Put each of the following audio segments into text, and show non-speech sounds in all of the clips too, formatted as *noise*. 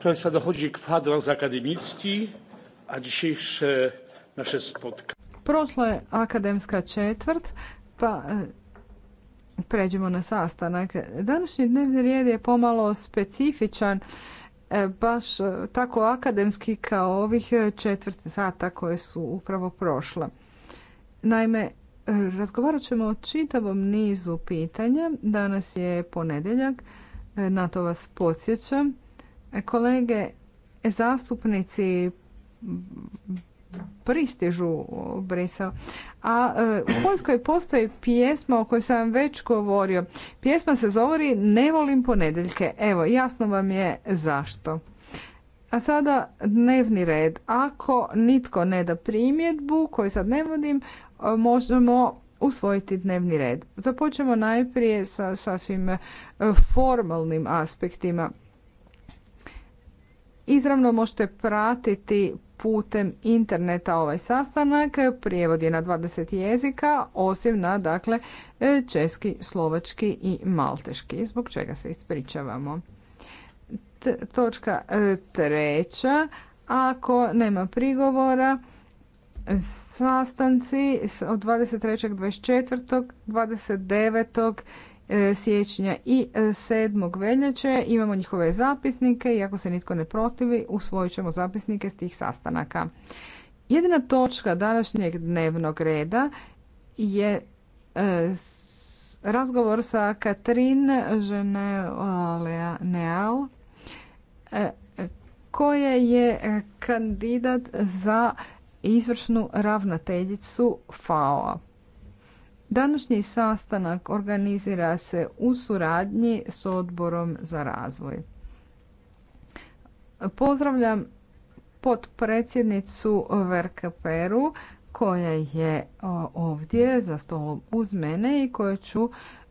Proszę Państwa, dochodzi kwadrans akademicki, a dzisiejsze nasze spotkanie. Prošla je akademska četvrt, pa e, pređemo na sastanak. Današnji dnevni red je pomalo specifičan, e, baš e, tako akademski kao ovih četvrt sata koje su upravo prošle. Naime, razgovarat ćemo o čitavom nizu pitanja. Danas je ponedjeljak, na to vas podsjećam. Kolege zastupnici pristižu Brisel. A e, u Poljskoj postoji pjesma o kojoj sam već govorio. Pjesma se zovori Ne volim ponedeljke. Evo, jasno vam je zašto. A sada dnevni red. Ako nitko ne da primjedbu, koju sad ne vodim, e, možemo usvojiti dnevni red. Započemo najprije sa sasvim e, formalnim aspektima. Izravno možete pratiti putem interneta ovaj sastanak. Prijevod je na 20 jezika, osim na dakle, česki, slovački i malteški, zbog čega se ispričavamo. točka e, treća, ako nema prigovora, sastanci od 23. 24. 29. E, siječnja i 7. E, veljače. Imamo njihove zapisnike i ako se nitko ne protivi, usvojit ćemo zapisnike s tih sastanaka. Jedina točka današnjeg dnevnog reda je e, razgovor sa Katrin Ženeal, koja je kandidat za izvršnu ravnateljicu FAO-a. Današnji sastanak organizira se u suradnji s odborom za razvoj. Pozdravljam potpredsjednicu Verke Peru koja je ovdje za stolom uz mene i koju ću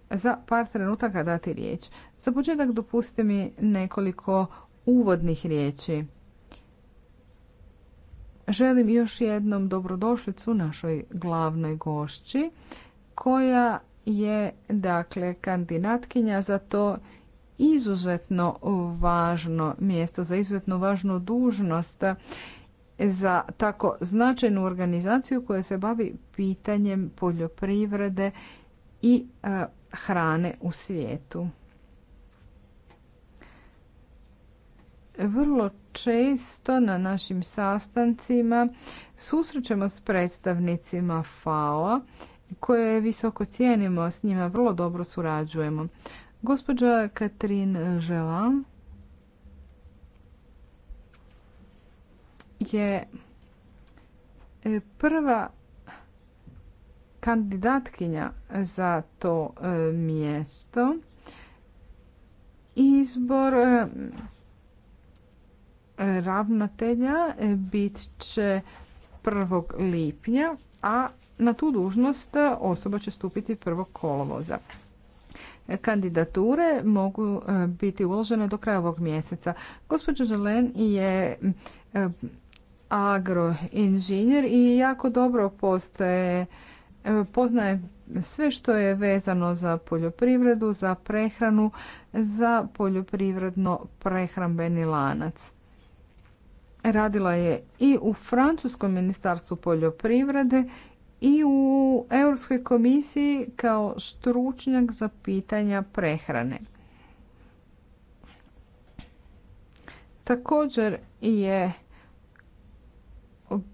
za par trenutaka dati riječ. Za početak dopustite mi nekoliko uvodnih riječi. Želim još jednom dobrodošlicu našoj glavnoj gošći, koja je dakle kandidatkinja za to izuzetno važno mjesto, za izuzetno važnu dužnost za tako značajnu organizaciju koja se bavi pitanjem poljoprivrede i e, hrane u svijetu. Vrlo često na našim sastancima susrećemo s predstavnicima FAO-a koje visoko cijenimo, s njima vrlo dobro surađujemo. Gospođa Katrin Želan je e, prva kandidatkinja za to e, mjesto. Izbor e, ravnatelja bit će 1. lipnja, a na tu dužnost e, osoba će stupiti prvog kolovoza. Kandidature mogu e, biti uložene do kraja ovog mjeseca. Gospođa Želen je e, agroinženjer i jako dobro postaje, poznaje sve što je vezano za poljoprivredu, za prehranu, za poljoprivredno prehrambeni lanac. Radila je i u Francuskom ministarstvu poljoprivrede i u Europskoj komisiji kao stručnjak za pitanja prehrane. Također je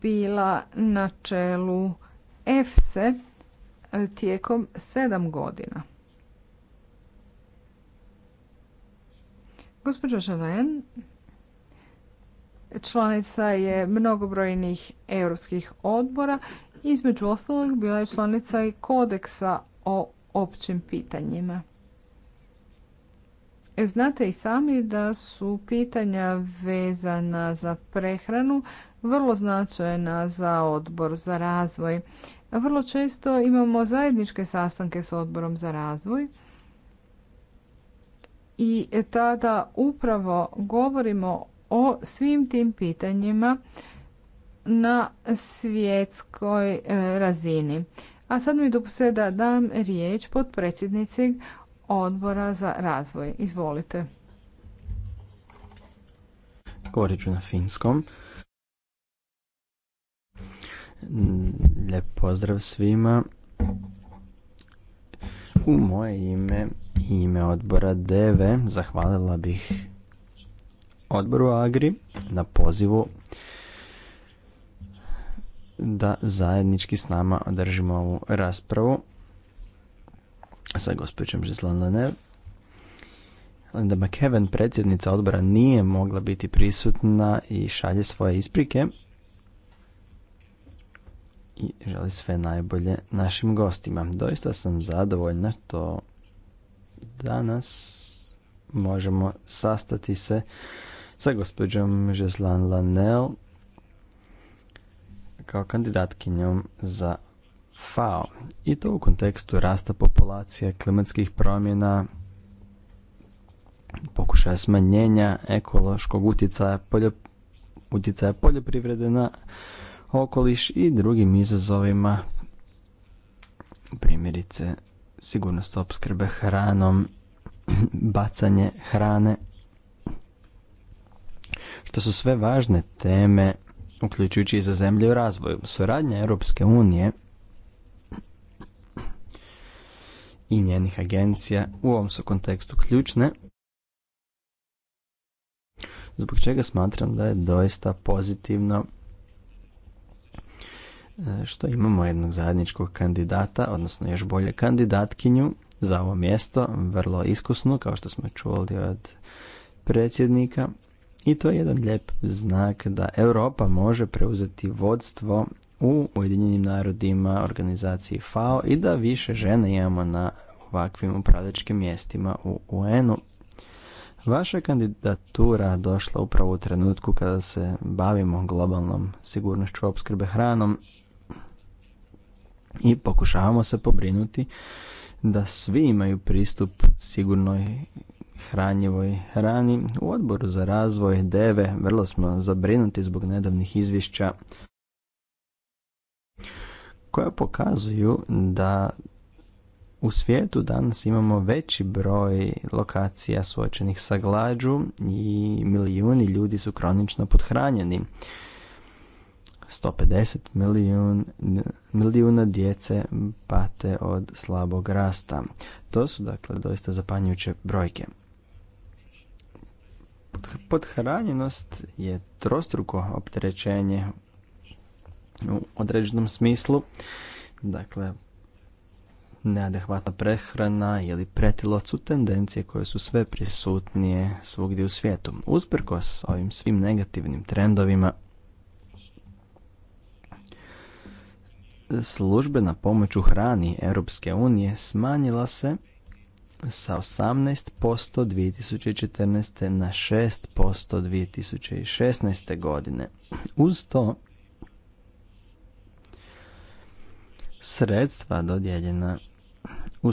bila na čelu EFSE tijekom sedam godina. Gospođa Želen članica je mnogobrojnih europskih odbora između ostalog bila je članica i kodeksa o općim pitanjima. E, znate i sami da su pitanja vezana za prehranu vrlo značajna za odbor za razvoj. Vrlo često imamo zajedničke sastanke s odborom za razvoj i tada upravo govorimo o svim tim pitanjima na svjetskoj e, razini. A sad mi dopustite da dam riječ potpredsjednici odbora za razvoj. Izvolite. Govorit ću na finskom. Lijep pozdrav svima. U moje ime i ime odbora DV zahvalila bih odboru Agri na pozivu da zajednički s nama održimo ovu raspravu sa gospođom Žislan Lenev. Linda McKeven, predsjednica odbora, nije mogla biti prisutna i šalje svoje isprike i želi sve najbolje našim gostima. Doista sam zadovoljna što danas možemo sastati se sa gospođom Žeslan Lanel kao kandidatkinjom za FAO i to u kontekstu rasta populacije, klimatskih promjena, pokušaja smanjenja ekološkog utjecaja, utjecaja poljoprivrede na okoliš i drugim izazovima, primjerice sigurnost opskrbe hranom, *clears throat* bacanje hrane, što su sve važne teme uključujući i za zemlje u razvoju. Suradnja Europske unije i njenih agencija u ovom su kontekstu ključne, zbog čega smatram da je doista pozitivno e, što imamo jednog zajedničkog kandidata, odnosno još bolje kandidatkinju za ovo mjesto, vrlo iskusnu, kao što smo čuli od predsjednika, i to je jedan lijep znak da Europa može preuzeti vodstvo u Ujedinjenim narodima, organizaciji FAO i da više žene imamo na ovakvim upravljačkim mjestima u UN-u. Vaša kandidatura došla upravo u trenutku kada se bavimo globalnom sigurnošću opskrbe hranom i pokušavamo se pobrinuti da svi imaju pristup sigurnoj hranjivoj hrani, u odboru za razvoj deve vrlo smo zabrinuti zbog nedavnih izvješća koja pokazuju da u svijetu danas imamo veći broj lokacija suočenih sa glađu i milijuni ljudi su kronično podhranjeni. 150 milijun, milijuna djece pate od slabog rasta. To su dakle doista zapanjujuće brojke. Podhranjenost je trostruko opterećenje u određenom smislu. Dakle, neadekvatna prehrana ili pretilocu su tendencije koje su sve prisutnije svugdje u svijetu. s ovim svim negativnim trendovima, službena pomoć u hrani Europske unije smanjila se sa 18% 2014. na 6% 2016. godine. Uz to sredstva dodijeljena u,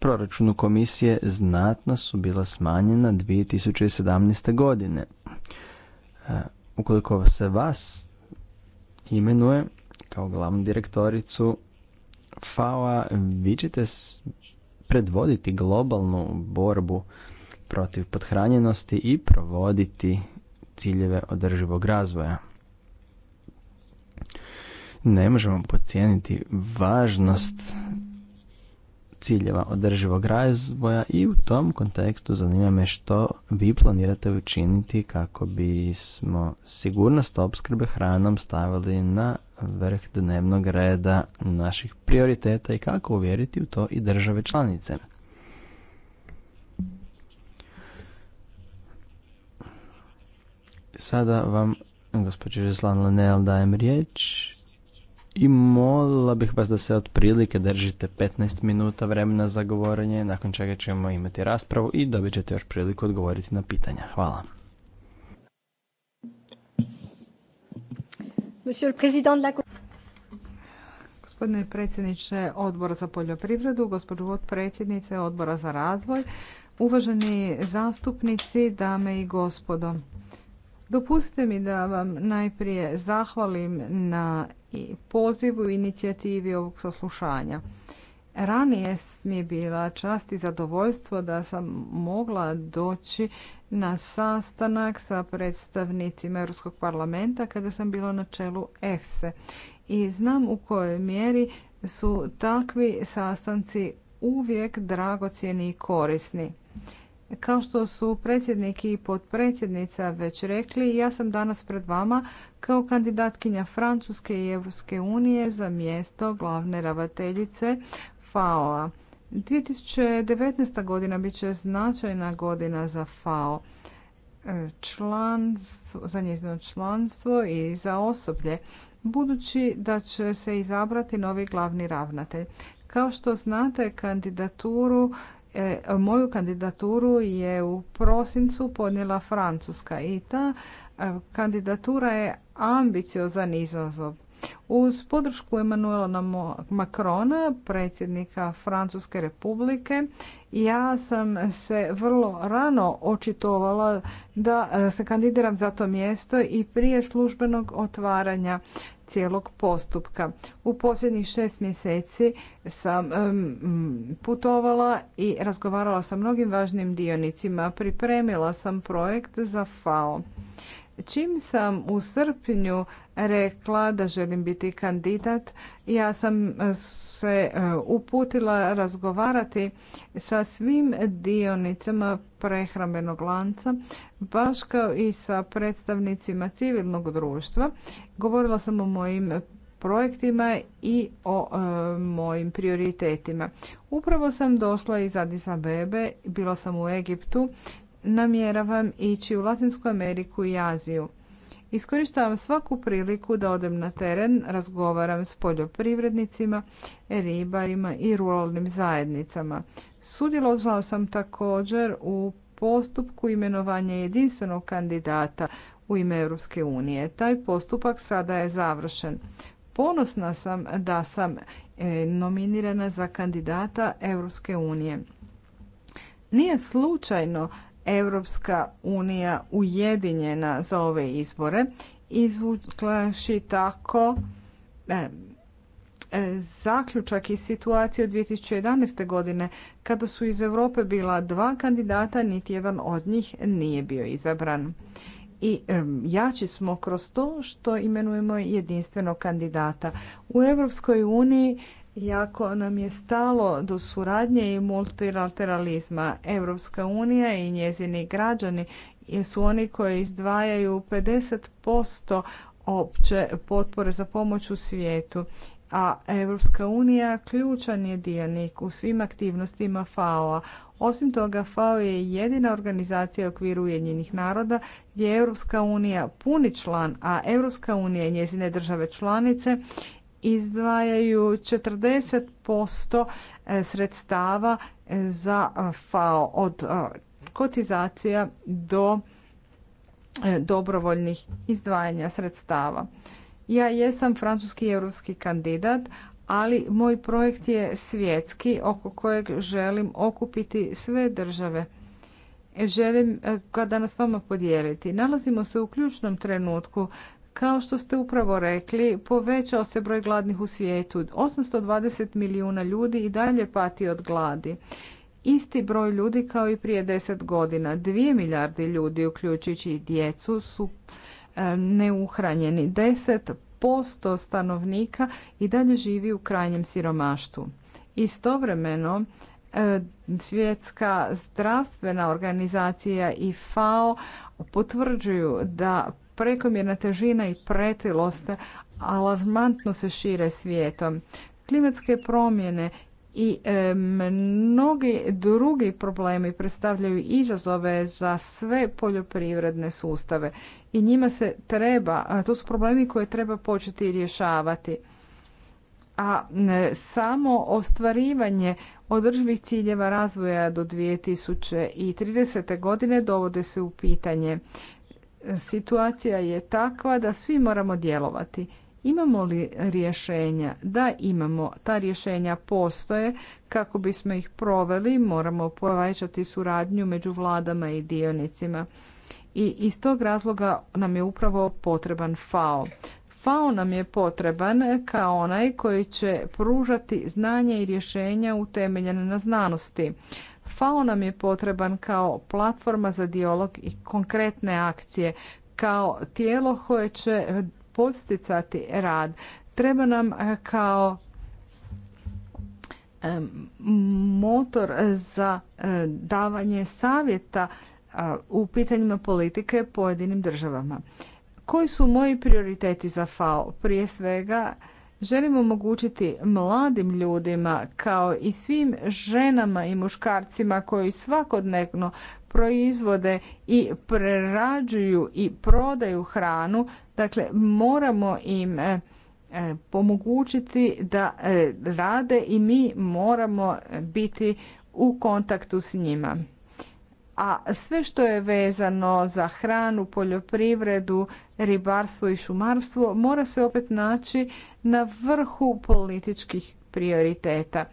proračunu komisije znatno su bila smanjena 2017. godine. E, ukoliko se vas imenuje kao glavnu direktoricu FAO-a, vi ćete predvoditi globalnu borbu protiv podhranjenosti i provoditi ciljeve održivog razvoja. Ne možemo pocijeniti važnost ciljeva održivog razvoja i u tom kontekstu zanima me što vi planirate učiniti kako bismo sigurnost opskrbe hranom stavili na vrh dnevnog reda naših prioriteta i kako uvjeriti u to i države članice. Sada vam, gospođe Žeslan Lenel, dajem riječ i molila bih vas da se otprilike držite 15 minuta vremena za govorenje, nakon čega ćemo imati raspravu i dobit ćete još priliku odgovoriti na pitanja. Hvala. Gospodine predsjedniče odbora za poljoprivredu, gospođo potpredsjednice odbora za razvoj, uvaženi zastupnici, dame i gospodo. Dopustite mi da vam najprije zahvalim na pozivu i inicijativi ovog saslušanja. Ranije mi je bila čast i zadovoljstvo da sam mogla doći na sastanak sa predstavnicima Europskog parlamenta kada sam bila na čelu EFSE. I znam u kojoj mjeri su takvi sastanci uvijek dragocjeni i korisni. Kao što su predsjednik i potpredsjednica već rekli, ja sam danas pred vama kao kandidatkinja Francuske i Europske unije za mjesto glavne ravateljice FAO-a. 2019. godina bit će značajna godina za FAO e, članstvo, za njezino članstvo i za osoblje, budući da će se izabrati novi glavni ravnatelj. Kao što znate, kandidaturu e, moju kandidaturu je u prosincu podnijela Francuska i ta e, kandidatura je ambiciozan izazov. Uz podršku Emanuela Macrona, predsjednika Francuske republike, ja sam se vrlo rano očitovala da se kandidiram za to mjesto i prije službenog otvaranja cijelog postupka. U posljednjih šest mjeseci sam putovala i razgovarala sa mnogim važnim dionicima. Pripremila sam projekt za FAO. Čim sam u srpnju rekla da želim biti kandidat, ja sam e, se e, uputila razgovarati sa svim dionicama prehrambenog lanca, baš kao i sa predstavnicima civilnog društva. Govorila sam o mojim projektima i o e, mojim prioritetima. Upravo sam došla iz Addis Bebe, bila sam u Egiptu namjeravam ići u Latinsku Ameriku i Aziju. Iskorištavam svaku priliku da odem na teren, razgovaram s poljoprivrednicima, ribarima i ruralnim zajednicama. Sudjelovala sam također u postupku imenovanja jedinstvenog kandidata u ime Europske unije. Taj postupak sada je završen. Ponosna sam da sam e, nominirana za kandidata Europske unije. Nije slučajno Europska unija ujedinjena za ove izbore izvuklaši tako e, e, zaključak i situacije od 2011. godine kada su iz Europe bila dva kandidata, niti jedan od njih nije bio izabran. I e, jači smo kroz to što imenujemo jedinstvenog kandidata. U Europskoj uniji Jako nam je stalo do suradnje i multilateralizma. Evropska unija i njezini građani su oni koji izdvajaju 50% opće potpore za pomoć u svijetu. A Evropska unija ključan je dionik u svim aktivnostima FAO-a. Osim toga, FAO je jedina organizacija u okviru Ujedinjenih naroda gdje je Evropska unija puni član, a Evropska unija i njezine države članice izdvajaju 40% e, sredstava e, za FAO od kotizacija do e, dobrovoljnih izdvajanja sredstava. Ja jesam francuski i europski kandidat, ali moj projekt je svjetski oko kojeg želim okupiti sve države. Želim ga danas vama podijeliti. Nalazimo se u ključnom trenutku kao što ste upravo rekli, povećao se broj gladnih u svijetu. 820 milijuna ljudi i dalje pati od gladi. Isti broj ljudi kao i prije 10 godina. 2 milijarde ljudi, uključujući i djecu, su e, neuhranjeni. 10% stanovnika i dalje živi u krajnjem siromaštvu. Istovremeno, e, Svjetska zdravstvena organizacija i FAO potvrđuju da prekomjerna težina i pretilost alarmantno se šire svijetom. Klimatske promjene i e, mnogi drugi problemi predstavljaju izazove za sve poljoprivredne sustave i njima se treba, a to su problemi koje treba početi rješavati. A samo ostvarivanje održivih ciljeva razvoja do 2030. godine dovode se u pitanje situacija je takva da svi moramo djelovati. Imamo li rješenja? Da, imamo. Ta rješenja postoje. Kako bismo ih proveli, moramo povećati suradnju među vladama i dionicima. I iz tog razloga nam je upravo potreban FAO. FAO nam je potreban kao onaj koji će pružati znanje i rješenja utemeljene na znanosti. FAO nam je potreban kao platforma za dijalog i konkretne akcije, kao tijelo koje će posticati rad. Treba nam eh, kao motor za eh, davanje savjeta eh, u pitanjima politike pojedinim državama. Koji su moji prioriteti za FAO? Prije svega Želimo omogućiti mladim ljudima kao i svim ženama i muškarcima koji svakodnevno proizvode i prerađuju i prodaju hranu, dakle moramo im pomogućiti e, e, da e, rade i mi moramo biti u kontaktu s njima a sve što je vezano za hranu, poljoprivredu, ribarstvo i šumarstvo mora se opet naći na vrhu političkih prioriteta.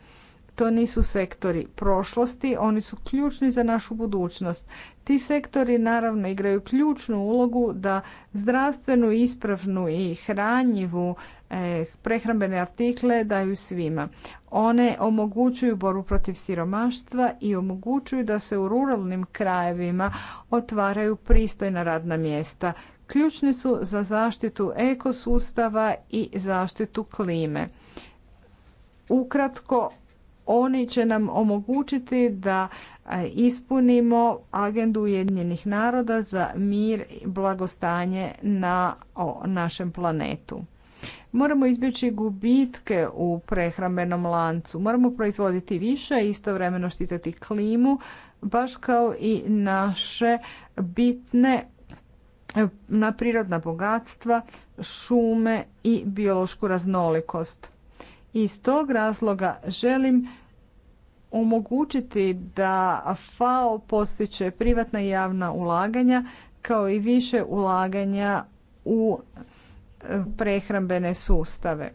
To nisu sektori prošlosti, oni su ključni za našu budućnost. Ti sektori naravno igraju ključnu ulogu da zdravstvenu, ispravnu i hranjivu E, prehrambene artikle daju svima. One omogućuju borbu protiv siromaštva i omogućuju da se u ruralnim krajevima otvaraju pristojna radna mjesta. Ključni su za zaštitu ekosustava i zaštitu klime. Ukratko, oni će nam omogućiti da e, ispunimo agendu Ujedinjenih naroda za mir i blagostanje na našem planetu. Moramo izbjeći gubitke u prehrambenom lancu. Moramo proizvoditi više i istovremeno štititi klimu, baš kao i naše bitne na prirodna bogatstva, šume i biološku raznolikost. Iz tog razloga želim omogućiti da FAO postiče privatna i javna ulaganja kao i više ulaganja u prehrambene sustave.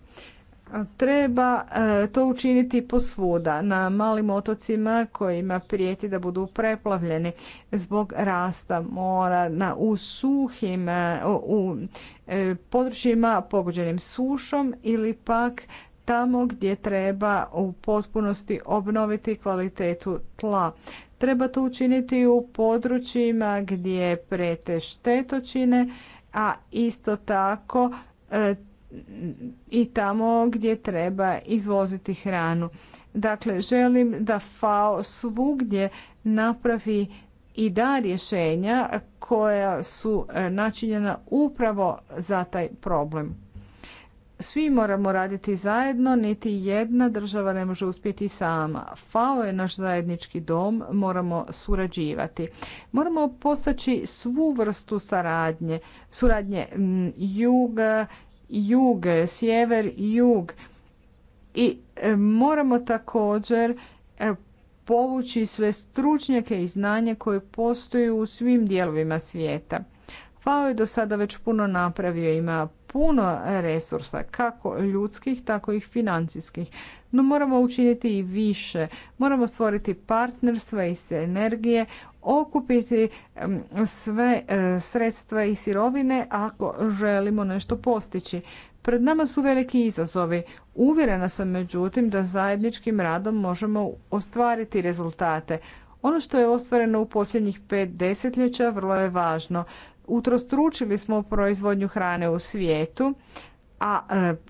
Treba e, to učiniti posvuda, na malim otocima kojima prijeti da budu preplavljeni zbog rasta mora, na, u suhim, e, u e, područjima pogođenim sušom ili pak tamo gdje treba u potpunosti obnoviti kvalitetu tla. Treba to učiniti u područjima gdje prete štetočine, a isto tako e, i tamo gdje treba izvoziti hranu. Dakle, želim da FAO svugdje napravi i da rješenja koja su e, načinjena upravo za taj problem svi moramo raditi zajedno, niti jedna država ne može uspjeti sama. FAO je naš zajednički dom, moramo surađivati. Moramo postaći svu vrstu saradnje, suradnje jug, jug, sjever, jug. I e, moramo također e, povući sve stručnjake i znanje koje postoju u svim dijelovima svijeta. FAO je do sada već puno napravio, ima puno resursa, kako ljudskih, tako i financijskih. No moramo učiniti i više. Moramo stvoriti partnerstva i energije, okupiti sve e, sredstva i sirovine ako želimo nešto postići. Pred nama su veliki izazovi. Uvjerena sam međutim da zajedničkim radom možemo ostvariti rezultate. Ono što je ostvareno u posljednjih pet desetljeća vrlo je važno utrostručili smo proizvodnju hrane u svijetu, a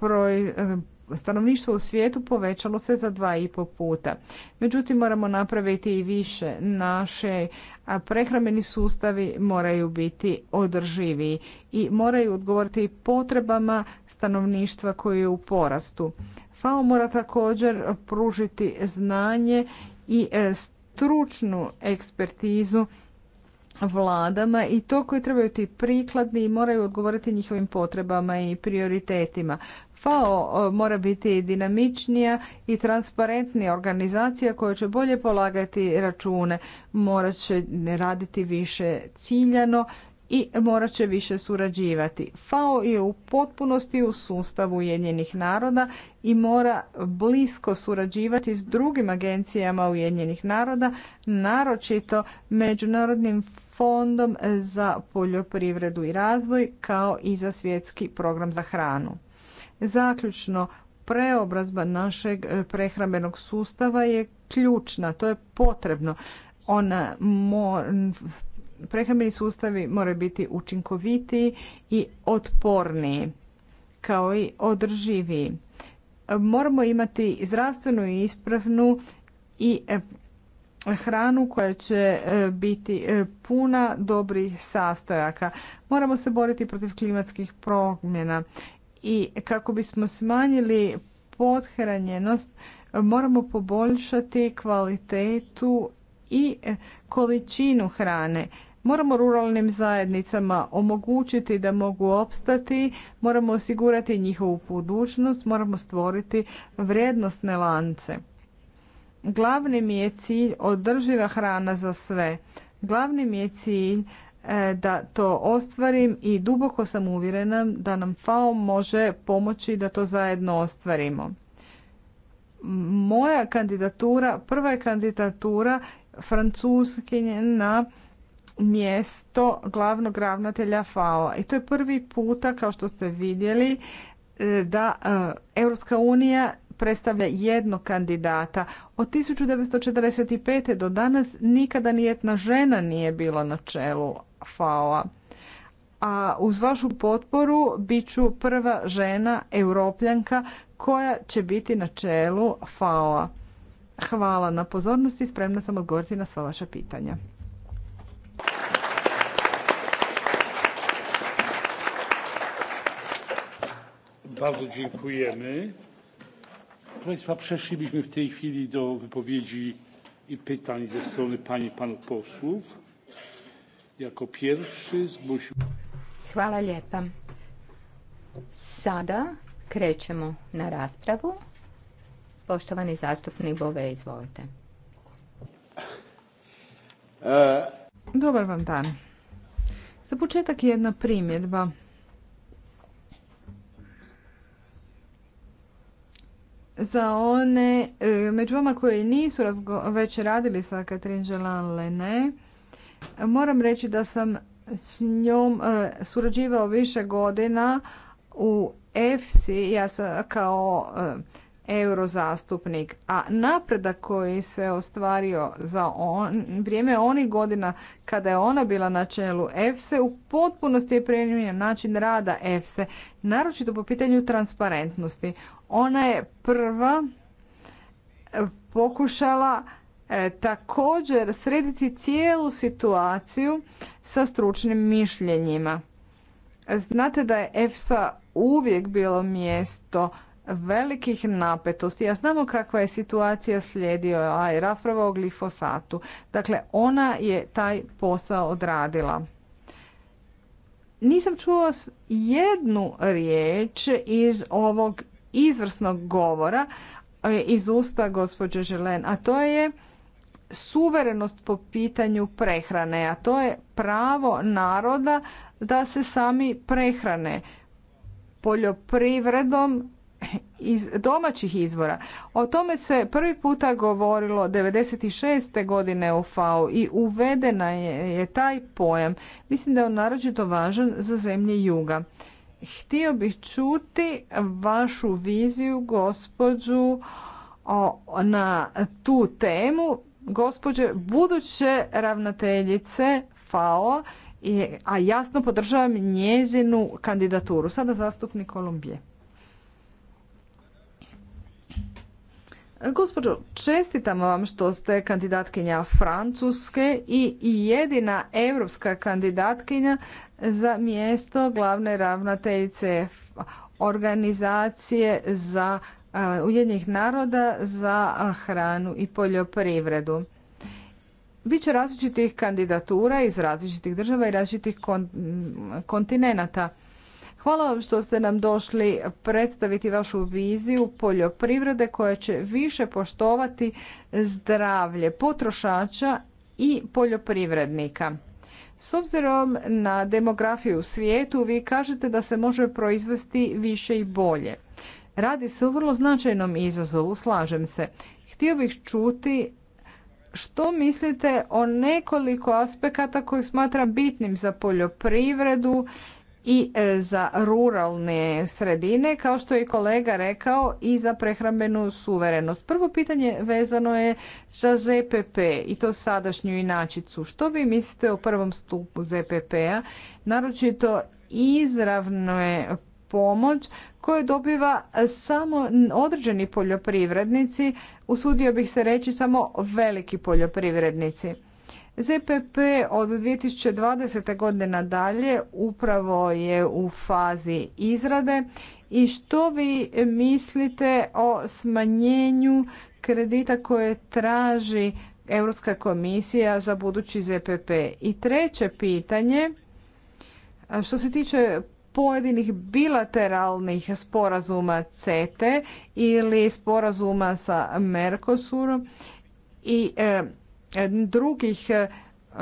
broj e, e, stanovništvo u svijetu povećalo se za dva i po puta. Međutim, moramo napraviti i više. Naše prehrambeni sustavi moraju biti održiviji i moraju odgovoriti potrebama stanovništva koje je u porastu. FAO mora također pružiti znanje i e, stručnu ekspertizu vladama i to koji trebaju biti prikladni i moraju odgovoriti njihovim potrebama i prioritetima. FAO e, mora biti dinamičnija i transparentnija organizacija koja će bolje polagati račune, morat će raditi više ciljano i morat će više surađivati. FAO je u potpunosti u sustavu Ujedinjenih naroda i mora blisko surađivati s drugim agencijama Ujedinjenih naroda, naročito Međunarodnim fondom za poljoprivredu i razvoj kao i za svjetski program za hranu. Zaključno, preobrazba našeg prehrambenog sustava je ključna, to je potrebno. Ona prehrambeni sustavi moraju biti učinkovitiji i otporniji, kao i održiviji. Moramo imati zdravstvenu i ispravnu i hranu koja će e, biti e, puna dobrih sastojaka. Moramo se boriti protiv klimatskih promjena i kako bismo smanjili podhranjenost moramo poboljšati kvalitetu i e, količinu hrane. Moramo ruralnim zajednicama omogućiti da mogu opstati, moramo osigurati njihovu budućnost, moramo stvoriti vrijednostne lance. Glavni mi je cilj održiva hrana za sve. Glavni mi je cilj e, da to ostvarim i duboko sam uvjerena da nam FAO može pomoći da to zajedno ostvarimo. Moja kandidatura, prva je kandidatura francuskinje na mjesto glavnog ravnatelja FAO. I to je prvi puta, kao što ste vidjeli, e, da e, Europska unija predstavlja jednog kandidata. Od 1945. do danas nikada nijetna žena nije bila na čelu FAO-a. A uz vašu potporu bit ću prva žena europljanka koja će biti na čelu FAO-a. Hvala na pozornosti, spremna sam odgovoriti na sva vaša pitanja. Bardzo dziękujemy. Proszę Państwa, przeszlibyśmy w tej chwili do wypowiedzi i pytań ze strony pani i panów posłów. Jako pierwszy zgłosił... Hvala lijepa. Sada krećemo na raspravu. Poštovani zastupnik Bove, izvolite. E, Dobar vam dan. Za početak jedna primjedba. za one e, među vama koji nisu već radili sa Katrin Želan Lene, moram reći da sam s njom e, surađivao više godina u EFSI, ja sam kao e, eurozastupnik, a napredak koji se ostvario za on, vrijeme onih godina kada je ona bila na čelu EFSE u potpunosti je promijenjen način rada EFSE, naročito po pitanju transparentnosti. Ona je prva eh, pokušala eh, također srediti cijelu situaciju sa stručnim mišljenjima. Znate da je EFSA uvijek bilo mjesto velikih napetosti. Ja znamo kakva je situacija slijedila i rasprava o glifosatu. Dakle, ona je taj posao odradila. Nisam čuo jednu riječ iz ovog izvrsnog govora e, iz usta gospođe Želen, a to je suverenost po pitanju prehrane, a to je pravo naroda da se sami prehrane poljoprivredom iz domaćih izvora. O tome se prvi puta govorilo 96. godine u FAO i uvedena je, taj pojam. Mislim da je on naročito važan za zemlje juga. Htio bih čuti vašu viziju, gospođu, o, na tu temu, gospođe buduće ravnateljice FAO, a jasno podržavam njezinu kandidaturu. Sada zastupnik Kolumbije. Gospođo, čestitam vam što ste kandidatkinja Francuske i jedina europska kandidatkinja za mjesto glavne ravnateljice organizacije za ujednjih naroda za hranu i poljoprivredu. Biće različitih kandidatura iz različitih država i različitih kontinenata. Hvala vam što ste nam došli predstaviti vašu viziju poljoprivrede koja će više poštovati zdravlje potrošača i poljoprivrednika. S obzirom na demografiju u svijetu, vi kažete da se može proizvesti više i bolje. Radi se o vrlo značajnom izazovu, slažem se. Htio bih čuti što mislite o nekoliko aspekata koje smatram bitnim za poljoprivredu i e, za ruralne sredine, kao što je i kolega rekao, i za prehrambenu suverenost. Prvo pitanje vezano je za ZPP i to sadašnju inačicu. Što vi mislite o prvom stupu ZPP-a, naročito je pomoć koju dobiva samo određeni poljoprivrednici, usudio bih se reći samo veliki poljoprivrednici. ZPP od 2020. godine nadalje upravo je u fazi izrade i što vi mislite o smanjenju kredita koje traži Europska komisija za budući ZPP? I treće pitanje, što se tiče pojedinih bilateralnih sporazuma CETE ili sporazuma sa Mercosurom i e, E, drugih e,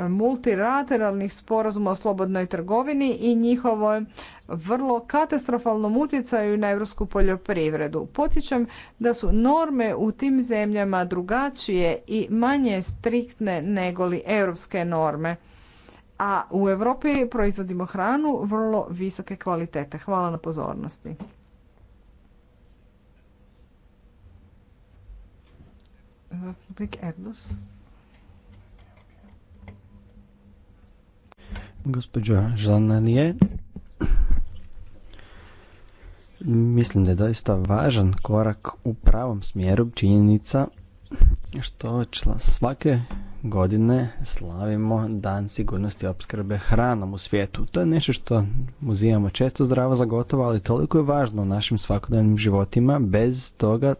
multilateralnih sporazuma o slobodnoj trgovini i njihovom vrlo katastrofalnom utjecaju na europsku poljoprivredu. Podsjećam da su norme u tim zemljama drugačije i manje striktne nego li europske norme. A u Europi proizvodimo hranu vrlo visoke kvalitete. Hvala na pozornosti. Gospođo nije mislim da je doista važan korak u pravom smjeru činjenica što čla, svake godine slavimo dan sigurnosti opskrbe hranom u svijetu. To je nešto što uzimamo često zdravo za gotovo, ali toliko je važno u našim svakodnevnim životima. Bez toga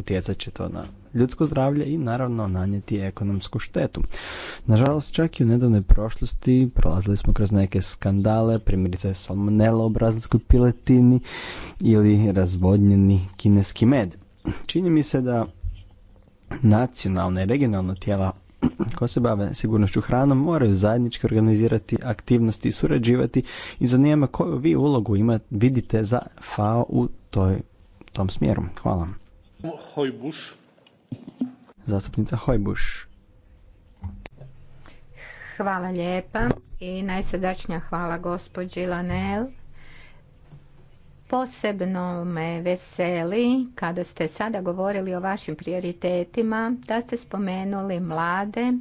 utjecat će to na ljudsko zdravlje i naravno nanijeti ekonomsku štetu. Nažalost, čak i u nedavnoj prošlosti prolazili smo kroz neke skandale, primjerice salmonela u brazilskoj piletini ili razvodnjeni kineski med. Čini mi se da nacionalna i regionalna tijela koja se bave sigurnošću hranom moraju zajednički organizirati aktivnosti i surađivati i zanima koju vi ulogu ima, vidite za FAO u toj, tom smjeru. Hvala. Zastupnica Hojbuš. Hvala lijepa i najsrdačnija hvala gospođi Lanel. Posebno me veseli kada ste sada govorili o vašim prioritetima, da ste spomenuli mlade.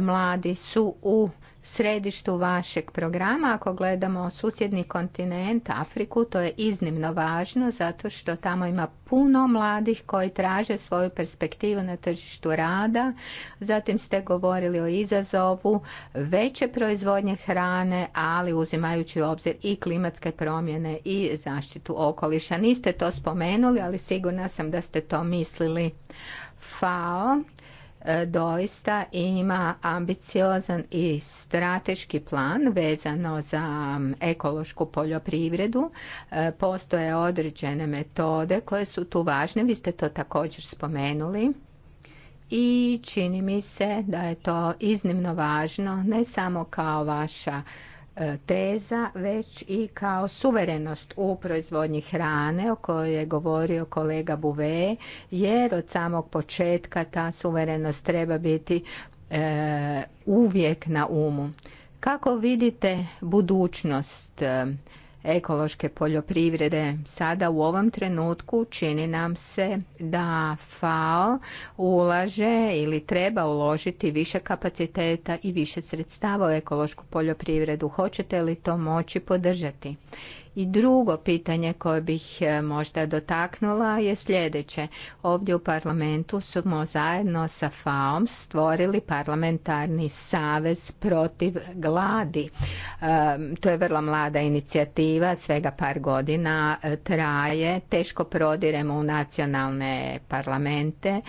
Mladi su u središtu vašeg programa. Ako gledamo susjedni kontinent, Afriku, to je iznimno važno zato što tamo ima puno mladih koji traže svoju perspektivu na tržištu rada. Zatim ste govorili o izazovu veće proizvodnje hrane, ali uzimajući u obzir i klimatske promjene i zaštitu okoliša. Niste to spomenuli, ali sigurna sam da ste to mislili. FAO E, doista ima ambiciozan i strateški plan vezano za ekološku poljoprivredu. E, postoje određene metode koje su tu važne, vi ste to također spomenuli. I čini mi se da je to iznimno važno ne samo kao vaša E, teza, već i kao suverenost u proizvodnji hrane o kojoj je govorio kolega Buve, jer od samog početka ta suverenost treba biti e, uvijek na umu. Kako vidite budućnost e, ekološke poljoprivrede. Sada u ovom trenutku čini nam se da FAO ulaže ili treba uložiti više kapaciteta i više sredstava u ekološku poljoprivredu. Hoćete li to moći podržati? I drugo pitanje koje bih e, možda dotaknula je sljedeće. Ovdje u parlamentu smo zajedno sa FAOM stvorili parlamentarni savez protiv gladi. E, to je vrlo mlada inicijativa, svega par godina e, traje, teško prodiremo u nacionalne parlamente.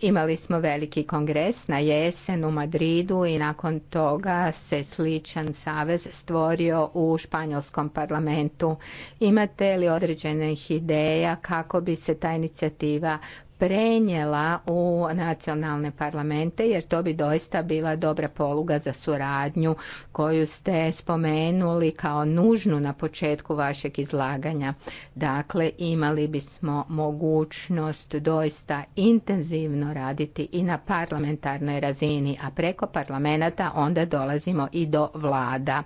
Imali smo veliki kongres na jesen u Madridu i nakon toga se sličan savez stvorio u španjolskom parlamentu parlamentu. Imate li određenih ideja kako bi se ta inicijativa prenijela u nacionalne parlamente jer to bi doista bila dobra poluga za suradnju koju ste spomenuli kao nužnu na početku vašeg izlaganja. Dakle, imali bismo mogućnost doista intenzivno raditi i na parlamentarnoj razini, a preko parlamenta onda dolazimo i do vlada.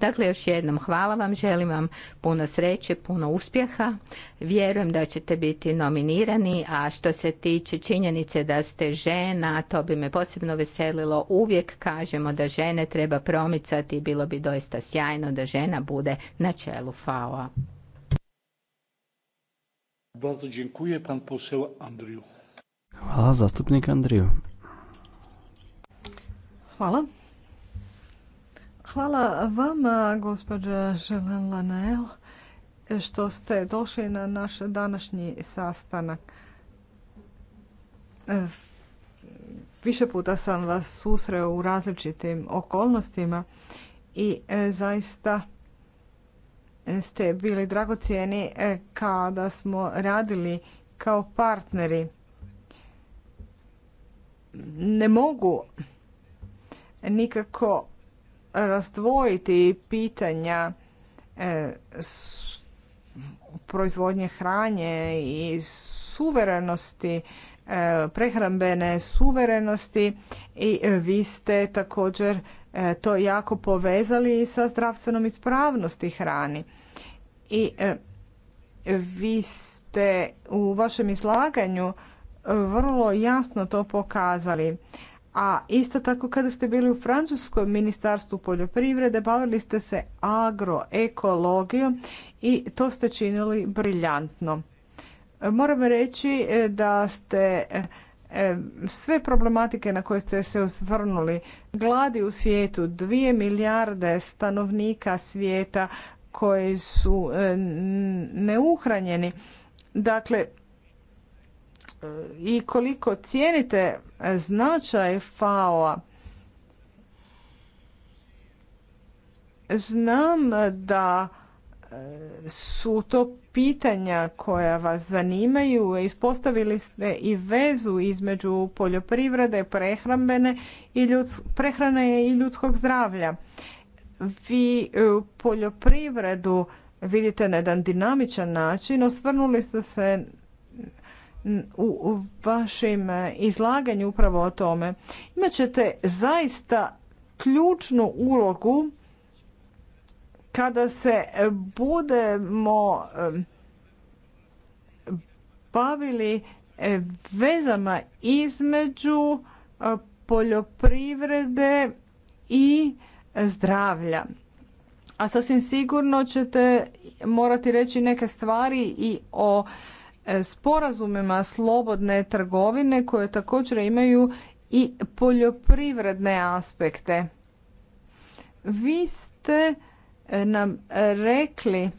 Dakle, još jednom hvala vam, želim vam puno sreće, puno uspjeha. Vjerujem da ćete biti nominirani, a što se tiče činjenice da ste žena, to bi me posebno veselilo. Uvijek kažemo da žene treba promicati i bilo bi doista sjajno da žena bude na čelu FAO-a. Hvala, zastupnik Andriju. Hvala. Hvala vama, gospođa Želen Lanel, što ste došli na naš današnji sastanak. E, više puta sam vas susreo u različitim okolnostima i e, zaista ste bili dragocijeni e, kada smo radili kao partneri. Ne mogu nikako razdvojiti pitanja proizvodnje hranje i suverenosti E, prehrambene suverenosti i vi ste također e, to jako povezali i sa zdravstvenom ispravnosti hrani. I e, vi ste u vašem izlaganju vrlo jasno to pokazali. A isto tako kada ste bili u Francuskom ministarstvu poljoprivrede bavili ste se agroekologijom i to ste činili briljantno. Moram reći e, da ste e, sve problematike na koje ste se osvrnuli, gladi u svijetu, dvije milijarde stanovnika svijeta koji su e, neuhranjeni, dakle, i koliko cijenite značaj FAO-a, znam da su to pitanja koja vas zanimaju. Ispostavili ste i vezu između poljoprivrede, prehrambene i prehrane i ljudskog zdravlja. Vi e, poljoprivredu vidite na jedan dinamičan način. Osvrnuli ste se u vašem e, izlaganju upravo o tome. Imaćete zaista ključnu ulogu kada se e, budemo e, bavili e, vezama između poljoprivrede i zdravlja. A sasvim sigurno ćete morati reći neke stvari i o sporazumima slobodne trgovine koje također imaju i poljoprivredne aspekte. Vi ste nam rekli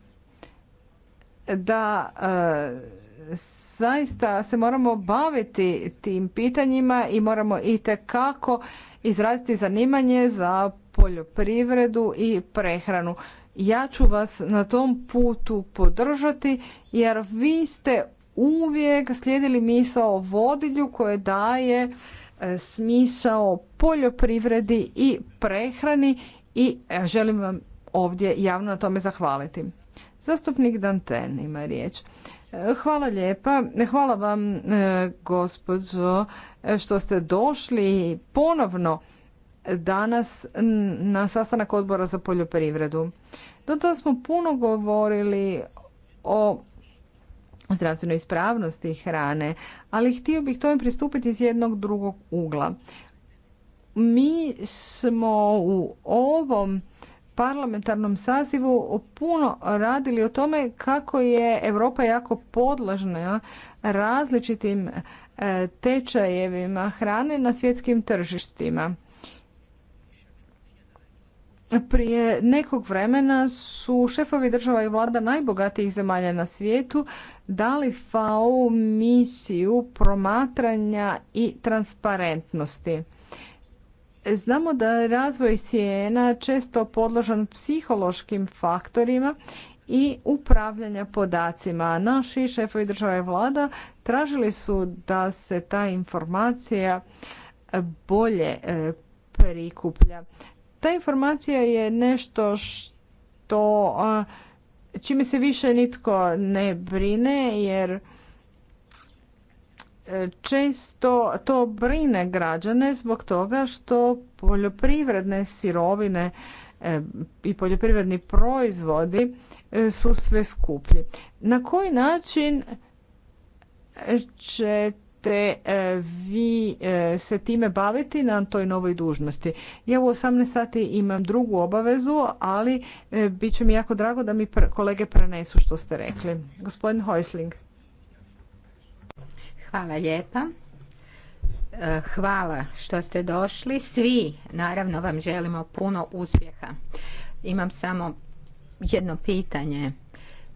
da e, zaista se moramo baviti tim pitanjima i moramo i kako izraziti zanimanje za poljoprivredu i prehranu. Ja ću vas na tom putu podržati jer vi ste uvijek slijedili misao vodilju koje daje e, smisao poljoprivredi i prehrani i e, želim vam ovdje javno na tome zahvaliti. Zastupnik Danten ima riječ. E, hvala lijepa. Hvala vam, e, gospođo, e, što ste došli ponovno danas na sastanak odbora za poljoprivredu. Do tada smo puno govorili o zdravstvenoj ispravnosti hrane, ali htio bih tome pristupiti iz jednog drugog ugla. Mi smo u ovom parlamentarnom sazivu puno radili o tome kako je Europa jako podložna različitim e, tečajevima hrane na svjetskim tržištima. Prije nekog vremena su šefovi država i vlada najbogatijih zemalja na svijetu dali FAO misiju promatranja i transparentnosti. Znamo da je razvoj cijena često podložan psihološkim faktorima i upravljanja podacima. Naši šefovi države vlada tražili su da se ta informacija e, bolje e, prikuplja. Ta informacija je nešto što čime se više nitko ne brine jer često to brine građane zbog toga što poljoprivredne sirovine e, i poljoprivredni proizvodi e, su sve skuplji. Na koji način ćete e, vi se time baviti na toj novoj dužnosti? Ja u 18 sati imam drugu obavezu, ali bit će mi jako drago da mi kolege prenesu što ste rekli. Gospodin Hojsling. Hvala lijepa. E, hvala što ste došli. Svi, naravno, vam želimo puno uspjeha. Imam samo jedno pitanje.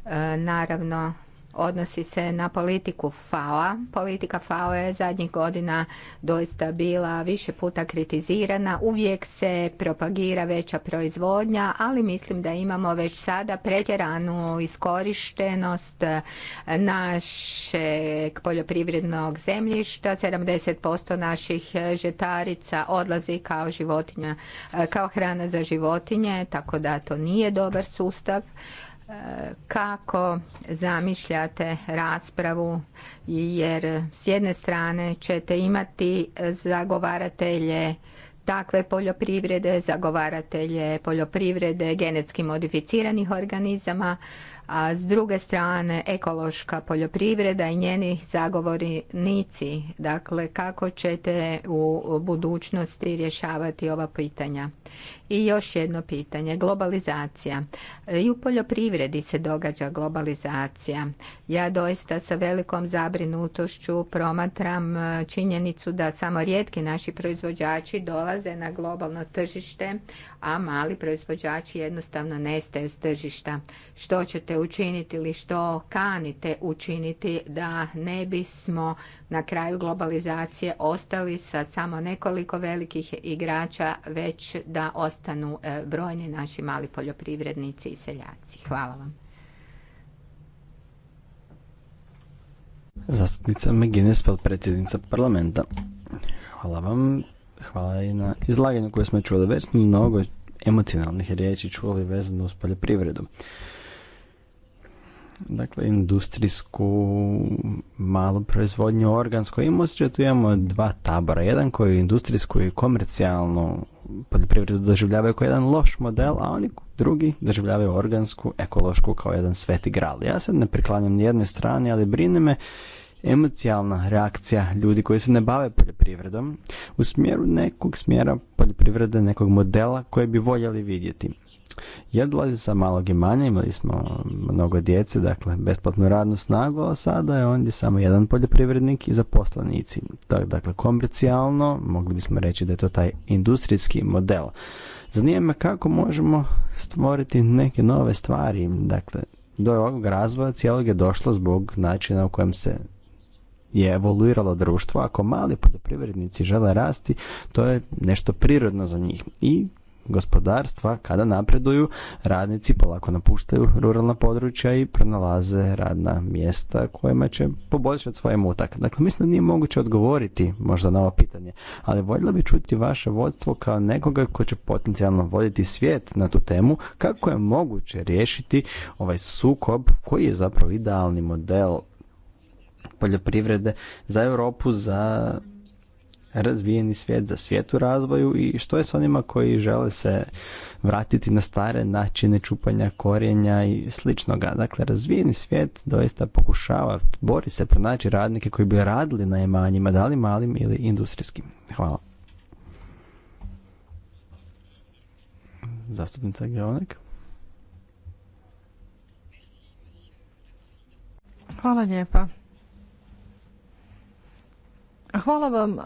E, naravno, odnosi se na politiku FAO-a. Politika FAO je zadnjih godina doista bila više puta kritizirana. Uvijek se propagira veća proizvodnja, ali mislim da imamo već sada pretjeranu iskorištenost eh, našeg poljoprivrednog zemljišta. 70% naših eh, žetarica odlazi kao životinja, eh, kao hrana za životinje, tako da to nije dobar sustav kako zamišljate raspravu jer s jedne strane ćete imati zagovaratelje takve poljoprivrede, zagovaratelje poljoprivrede genetski modificiranih organizama, a s druge strane ekološka poljoprivreda i njeni zagovornici. Dakle, kako ćete u budućnosti rješavati ova pitanja? I još jedno pitanje, globalizacija. I u poljoprivredi se događa globalizacija. Ja doista sa velikom zabrinutošću promatram e, činjenicu da samo rijetki naši proizvođači dolaze na globalno tržište, a mali proizvođači jednostavno nestaju s tržišta. Što ćete učiniti ili što kanite učiniti da ne bismo na kraju globalizacije ostali sa samo nekoliko velikih igrača, već da ostavimo ostanu e, brojni naši mali poljoprivrednici i seljaci. Hvala vam. Zastupnica Megines, predsjednica parlamenta. Hvala vam. Hvala i na izlaganju koje smo čuli. Već mnogo emocionalnih riječi čuli vezano uz poljoprivredu dakle, industrijsku malu proizvodnju organskoj industrije, tu imamo dva tabora. Jedan koji industrijsku i komercijalnu poljoprivredu doživljavaju kao jedan loš model, a oni drugi doživljavaju organsku, ekološku kao jedan sveti gral. Ja se ne priklanjam ni jednoj strani, ali brine me emocijalna reakcija ljudi koji se ne bave poljoprivredom u smjeru nekog smjera poljoprivrede, nekog modela koji bi voljeli vidjeti. Ja dolazim sa malog imanja, imali smo mnogo djece, dakle besplatnu radnu snagu, a sada je ondje samo jedan poljoprivrednik i zaposlenici. dakle, komercijalno mogli bismo reći da je to taj industrijski model. Zanima me kako možemo stvoriti neke nove stvari. Dakle, do ovog razvoja cijelog je došlo zbog načina u kojem se je evoluiralo društvo. Ako mali poljoprivrednici žele rasti, to je nešto prirodno za njih. I gospodarstva, kada napreduju, radnici polako napuštaju ruralna područja i pronalaze radna mjesta kojima će poboljšati svoj mutak. Dakle, mislim da nije moguće odgovoriti možda na ovo pitanje, ali voljela bi čuti vaše vodstvo kao nekoga ko će potencijalno voditi svijet na tu temu, kako je moguće riješiti ovaj sukob koji je zapravo idealni model poljoprivrede za Europu, za razvijeni svijet, za svijet u razvoju i što je s onima koji žele se vratiti na stare načine čupanja korijenja i sličnoga. Dakle, razvijeni svijet doista pokušava, bori se pronaći radnike koji bi radili na imanjima, da li malim ili industrijskim. Hvala. Zastupnica Geonek. Hvala lijepa. Hvala vam e,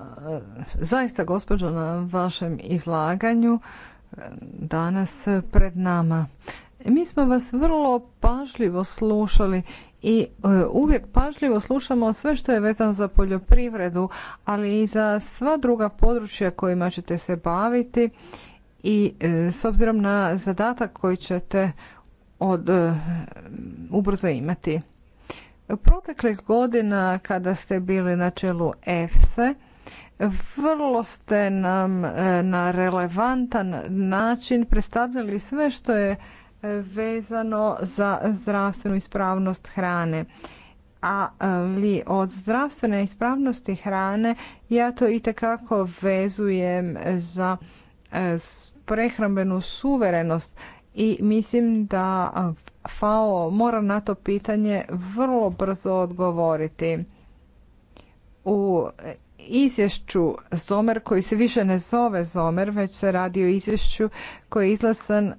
zaista gospođo na vašem izlaganju e, danas pred nama. Mi smo vas vrlo pažljivo slušali i e, uvijek pažljivo slušamo sve što je vezano za poljoprivredu, ali i za sva druga područja kojima ćete se baviti i s obzirom na zadatak koji ćete od ubrzo imati. Proteklih godina kada ste bili na čelu EFSE, vrlo ste nam e, na relevantan način predstavljali sve što je e, vezano za zdravstvenu ispravnost hrane. A e, li od zdravstvene ispravnosti hrane ja to itekako vezujem za prehrambenu suverenost i mislim da FAO mora na to pitanje vrlo brzo odgovoriti. U izvješću Zomer, koji se više ne zove Zomer, već se radi o izvješću koji je izlasan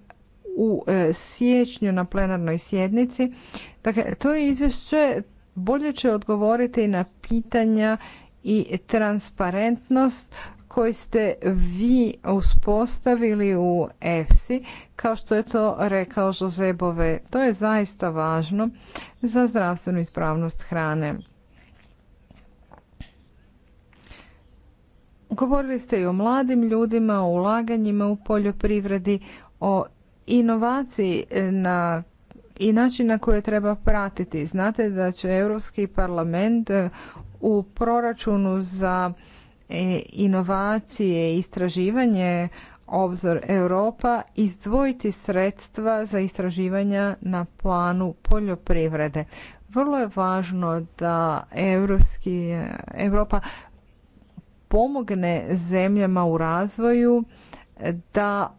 u e, siječnju na plenarnoj sjednici. Dakle, to je izvješće bolje će odgovoriti na pitanja i transparentnost koji ste vi uspostavili u EFSI, kao što je to rekao Jose Bove. To je zaista važno za zdravstvenu ispravnost hrane. Govorili ste i o mladim ljudima, o ulaganjima u poljoprivredi, o inovaciji na i način na koje treba pratiti. Znate da će Europski parlament u proračunu za E, inovacije i istraživanje obzor Europa izdvojiti sredstva za istraživanja na planu poljoprivrede. Vrlo je važno da Evropski, Europa pomogne zemljama u razvoju da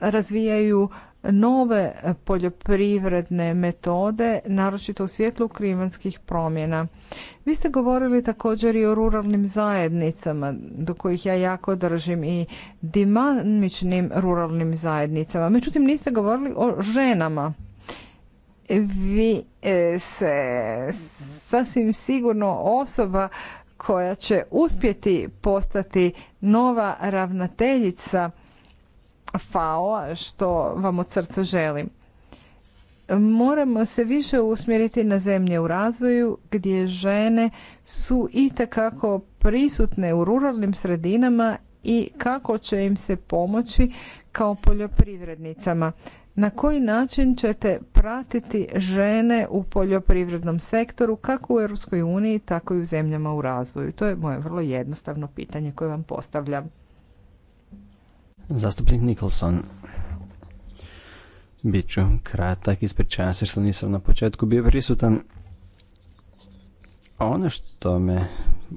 razvijaju nove poljoprivredne metode, naročito u svjetlu klimatskih promjena. Vi ste govorili također i o ruralnim zajednicama, do kojih ja jako držim, i dinamičnim ruralnim zajednicama. Međutim, niste govorili o ženama. Vi e, se sasvim sigurno osoba koja će uspjeti postati nova ravnateljica fao što vam od srca želim. Moramo se više usmjeriti na zemlje u razvoju gdje žene su itekako prisutne u ruralnim sredinama i kako će im se pomoći kao poljoprivrednicama. Na koji način ćete pratiti žene u poljoprivrednom sektoru kako u EU tako i u zemljama u razvoju? To je moje vrlo jednostavno pitanje koje vam postavljam. Zastupnik Nikolson. ću kratak, ispričavam se što nisam na početku bio prisutan. ono što me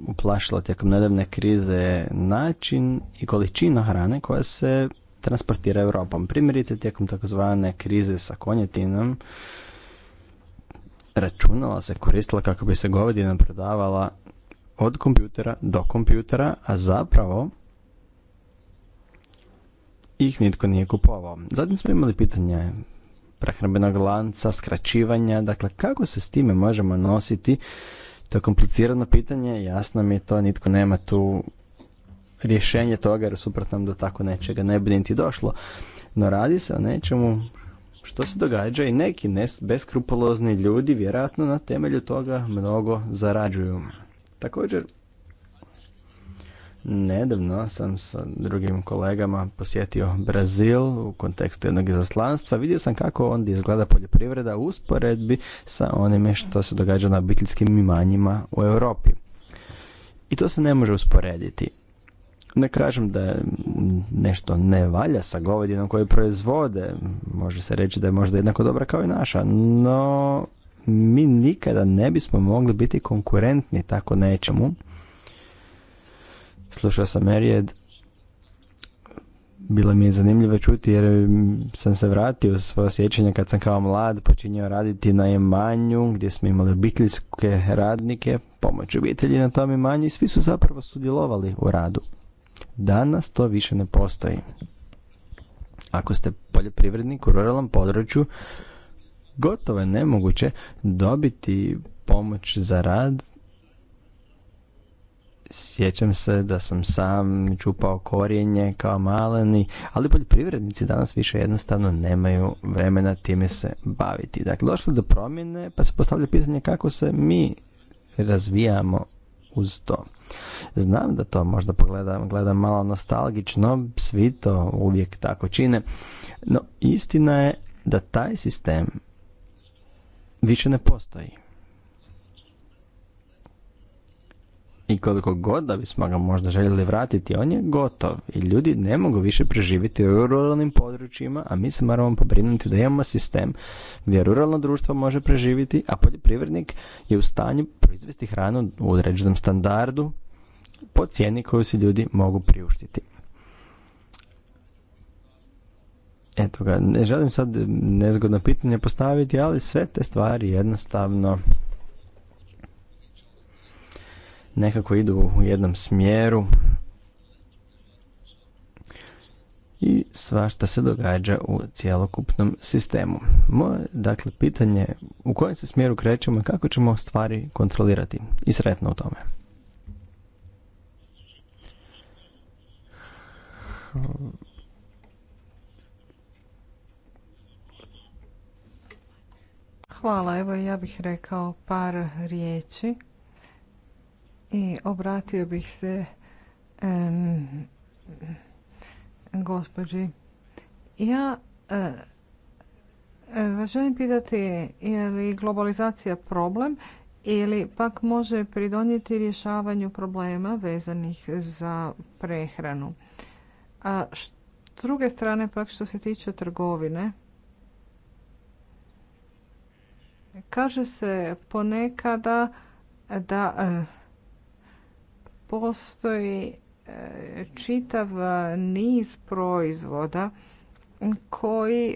uplašilo tijekom nedavne krize je način i količina hrane koja se transportira Europom. Primjerice tijekom takozvane krize sa konjetinom računala se koristila kako bi se govedina prodavala od kompjutera do kompjutera, a zapravo ih nitko nije kupovao. Zatim smo imali pitanje prehrambenog lanca, skraćivanja, dakle kako se s time možemo nositi, to je komplicirano pitanje, jasno mi je to, nitko nema tu rješenje toga jer suprotnom do tako nečega ne bi niti došlo, no radi se o nečemu što se događa i neki beskrupulozni ljudi vjerojatno na temelju toga mnogo zarađuju. Također, Nedavno sam sa drugim kolegama posjetio Brazil u kontekstu jednog izaslanstva. Vidio sam kako ondje izgleda poljoprivreda u usporedbi sa onime što se događa na obiteljskim imanjima u Europi. I to se ne može usporediti. Ne kažem da nešto ne valja sa govedinom koje proizvode, može se reći da je možda jednako dobra kao i naša, no mi nikada ne bismo mogli biti konkurentni tako nečemu Slušao sam Erijed, bilo mi je zanimljivo čuti jer mm, sam se vratio u svoje sjećanje kad sam kao mlad počinjao raditi na imanju gdje smo imali obiteljske radnike, pomoć obitelji na tom imanju i svi su zapravo sudjelovali u radu. Danas to više ne postoji. Ako ste poljoprivrednik u ruralnom području, gotovo je nemoguće dobiti pomoć za rad sjećam se da sam sam čupao korijenje kao maleni, ali poljoprivrednici danas više jednostavno nemaju vremena time se baviti. Dakle, došlo do promjene, pa se postavlja pitanje kako se mi razvijamo uz to. Znam da to možda pogledam, gledam malo nostalgično, svi to uvijek tako čine, no istina je da taj sistem više ne postoji. I koliko god da bismo ga možda željeli vratiti, on je gotov i ljudi ne mogu više preživjeti u ruralnim područjima, a mi se moramo pobrinuti da imamo sistem gdje ruralno društvo može preživjeti, a poljoprivrednik je u stanju proizvesti hranu u određenom standardu po cijeni koju si ljudi mogu priuštiti. Eto ga, ne želim sad nezgodno pitanje postaviti, ali sve te stvari jednostavno nekako idu u jednom smjeru i svašta se događa u cjelokupnom sistemu. Moje dakle pitanje u kojem se smjeru krećemo i kako ćemo stvari kontrolirati i sretno u tome. Hvala, evo ja bih rekao par riječi i obratio bih se gospođi. Ja vas želim pitati je li globalizacija problem ili pak može pridonijeti rješavanju problema vezanih za prehranu. A s druge strane pak što se tiče trgovine, kaže se ponekada da postoji e, čitav niz proizvoda koji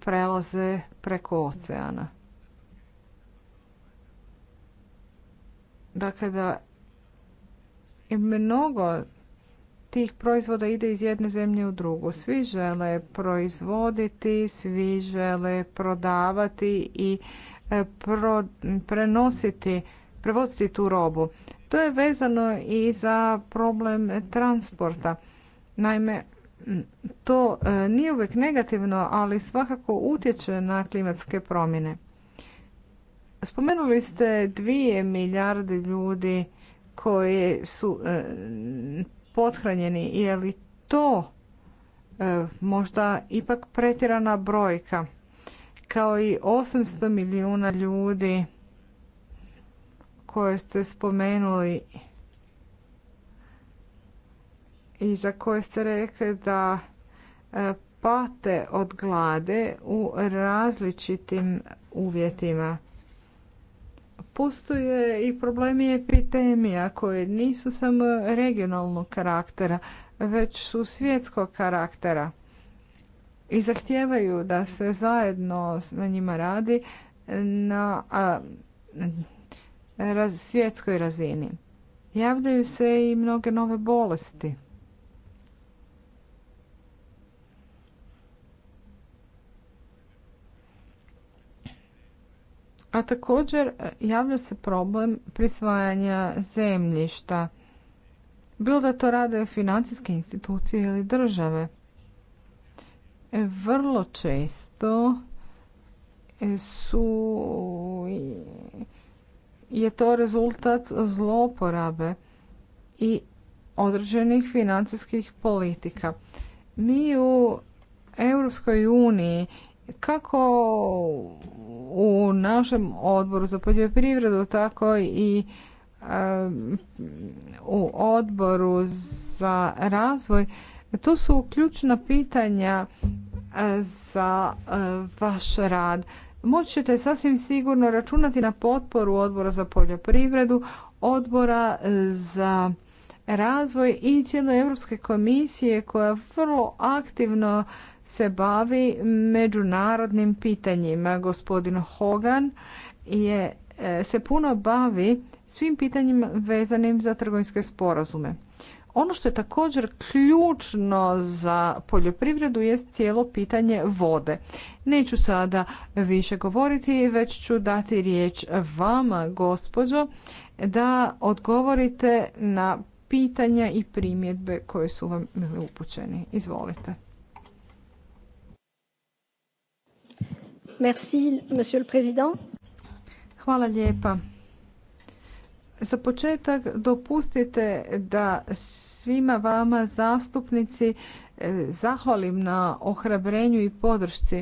prelaze preko oceana. Dakle, da mnogo tih proizvoda ide iz jedne zemlje u drugu. Svi žele proizvoditi, svi žele prodavati i e, prenositi, prevoziti tu robu. To je vezano i za problem transporta. Naime, to e, nije uvijek negativno, ali svakako utječe na klimatske promjene. Spomenuli ste dvije milijarde ljudi koji su e, pothranjeni. Je li to e, možda ipak pretjerana brojka? Kao i 800 milijuna ljudi koje ste spomenuli i za koje ste rekli da e, pate od glade u različitim uvjetima. Postoje i problemi epidemija koje nisu samo regionalnog karaktera, već su svjetskog karaktera i zahtijevaju da se zajedno na njima radi na svjetskoj razini. Javljaju se i mnoge nove bolesti. A također e, javlja se problem prisvajanja zemljišta. Bilo da to rade financijske institucije ili države. E, vrlo često e, su je to rezultat zloporabe i određenih financijskih politika. Mi u Europskoj uniji kako u našem odboru za poljoprivredu, tako i u odboru za razvoj, to su ključna pitanja e, za e, vaš rad moći ćete sasvim sigurno računati na potporu odbora za poljoprivredu, odbora za razvoj i cijelo Europske komisije koja vrlo aktivno se bavi međunarodnim pitanjima. Gospodin Hogan je, e, se puno bavi svim pitanjima vezanim za trgovinske sporazume. Ono što je također ključno za poljoprivredu jest cijelo pitanje vode. Neću sada više govoriti, već ću dati riječ vama, gospođo, da odgovorite na pitanja i primjedbe koje su vam upućeni. Izvolite. Merci, monsieur le président. Hvala lijepa, za početak dopustite da svima vama zastupnici e, zahvalim na ohrabrenju i podršci.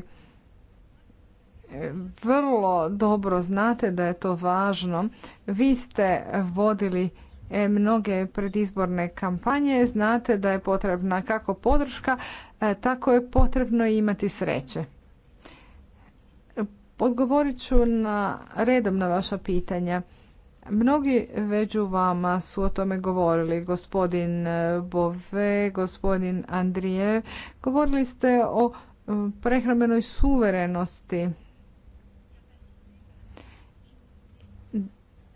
E, vrlo dobro znate da je to važno. Vi ste vodili e, mnoge predizborne kampanje, znate da je potrebna kako podrška, tako je potrebno imati sreće. Odgovorit ću na redom na vaša pitanja. Mnogi među vama su o tome govorili, gospodin e, Bove, gospodin Andrije. Govorili ste o e, prehrambenoj suverenosti.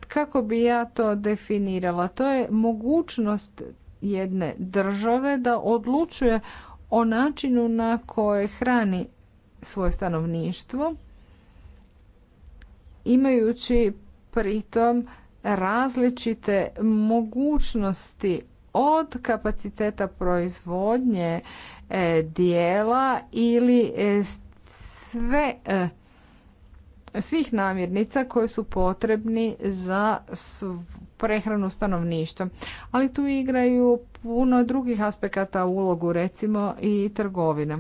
Kako bi ja to definirala? To je mogućnost jedne države da odlučuje o načinu na koje hrani svoje stanovništvo imajući tom različite mogućnosti od kapaciteta proizvodnje e, dijela ili e, sve e, svih namirnica koje su potrebni za prehranu stanovništva. Ali tu igraju puno drugih aspekata ulogu, recimo i trgovina.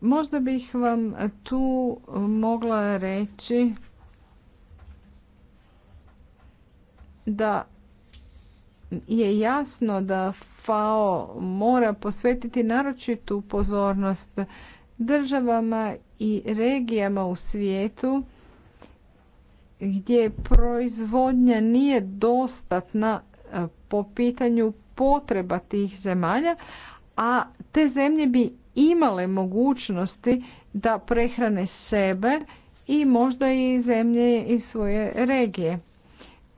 Možda bih vam tu mogla reći da je jasno da FAO mora posvetiti naročitu pozornost državama i regijama u svijetu gdje proizvodnja nije dostatna e, po pitanju potreba tih zemalja, a te zemlje bi imale mogućnosti da prehrane sebe i možda i zemlje iz svoje regije.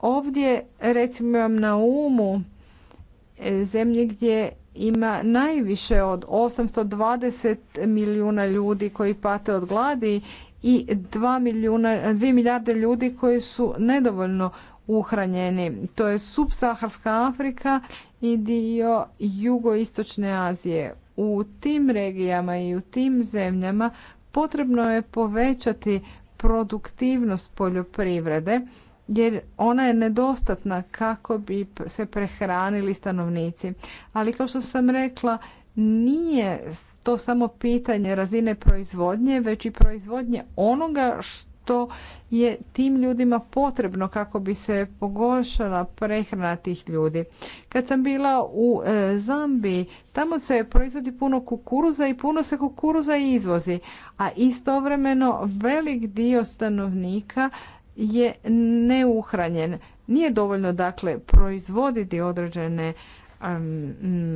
Ovdje recimo imam na umu e, zemlje gdje ima najviše od 820 milijuna ljudi koji pate od gladi i 2, 2 milijarde ljudi koji su nedovoljno uhranjeni. To je subsaharska Afrika i dio jugoistočne Azije. U tim regijama i u tim zemljama potrebno je povećati produktivnost poljoprivrede jer ona je nedostatna kako bi se prehranili stanovnici. Ali kao što sam rekla, nije to samo pitanje razine proizvodnje, već i proizvodnje onoga što je tim ljudima potrebno kako bi se pogoršala prehrana tih ljudi. Kad sam bila u e, Zambiji, tamo se proizvodi puno kukuruza i puno se kukuruza izvozi, a istovremeno velik dio stanovnika je neuhranjen. Nije dovoljno dakle proizvoditi određene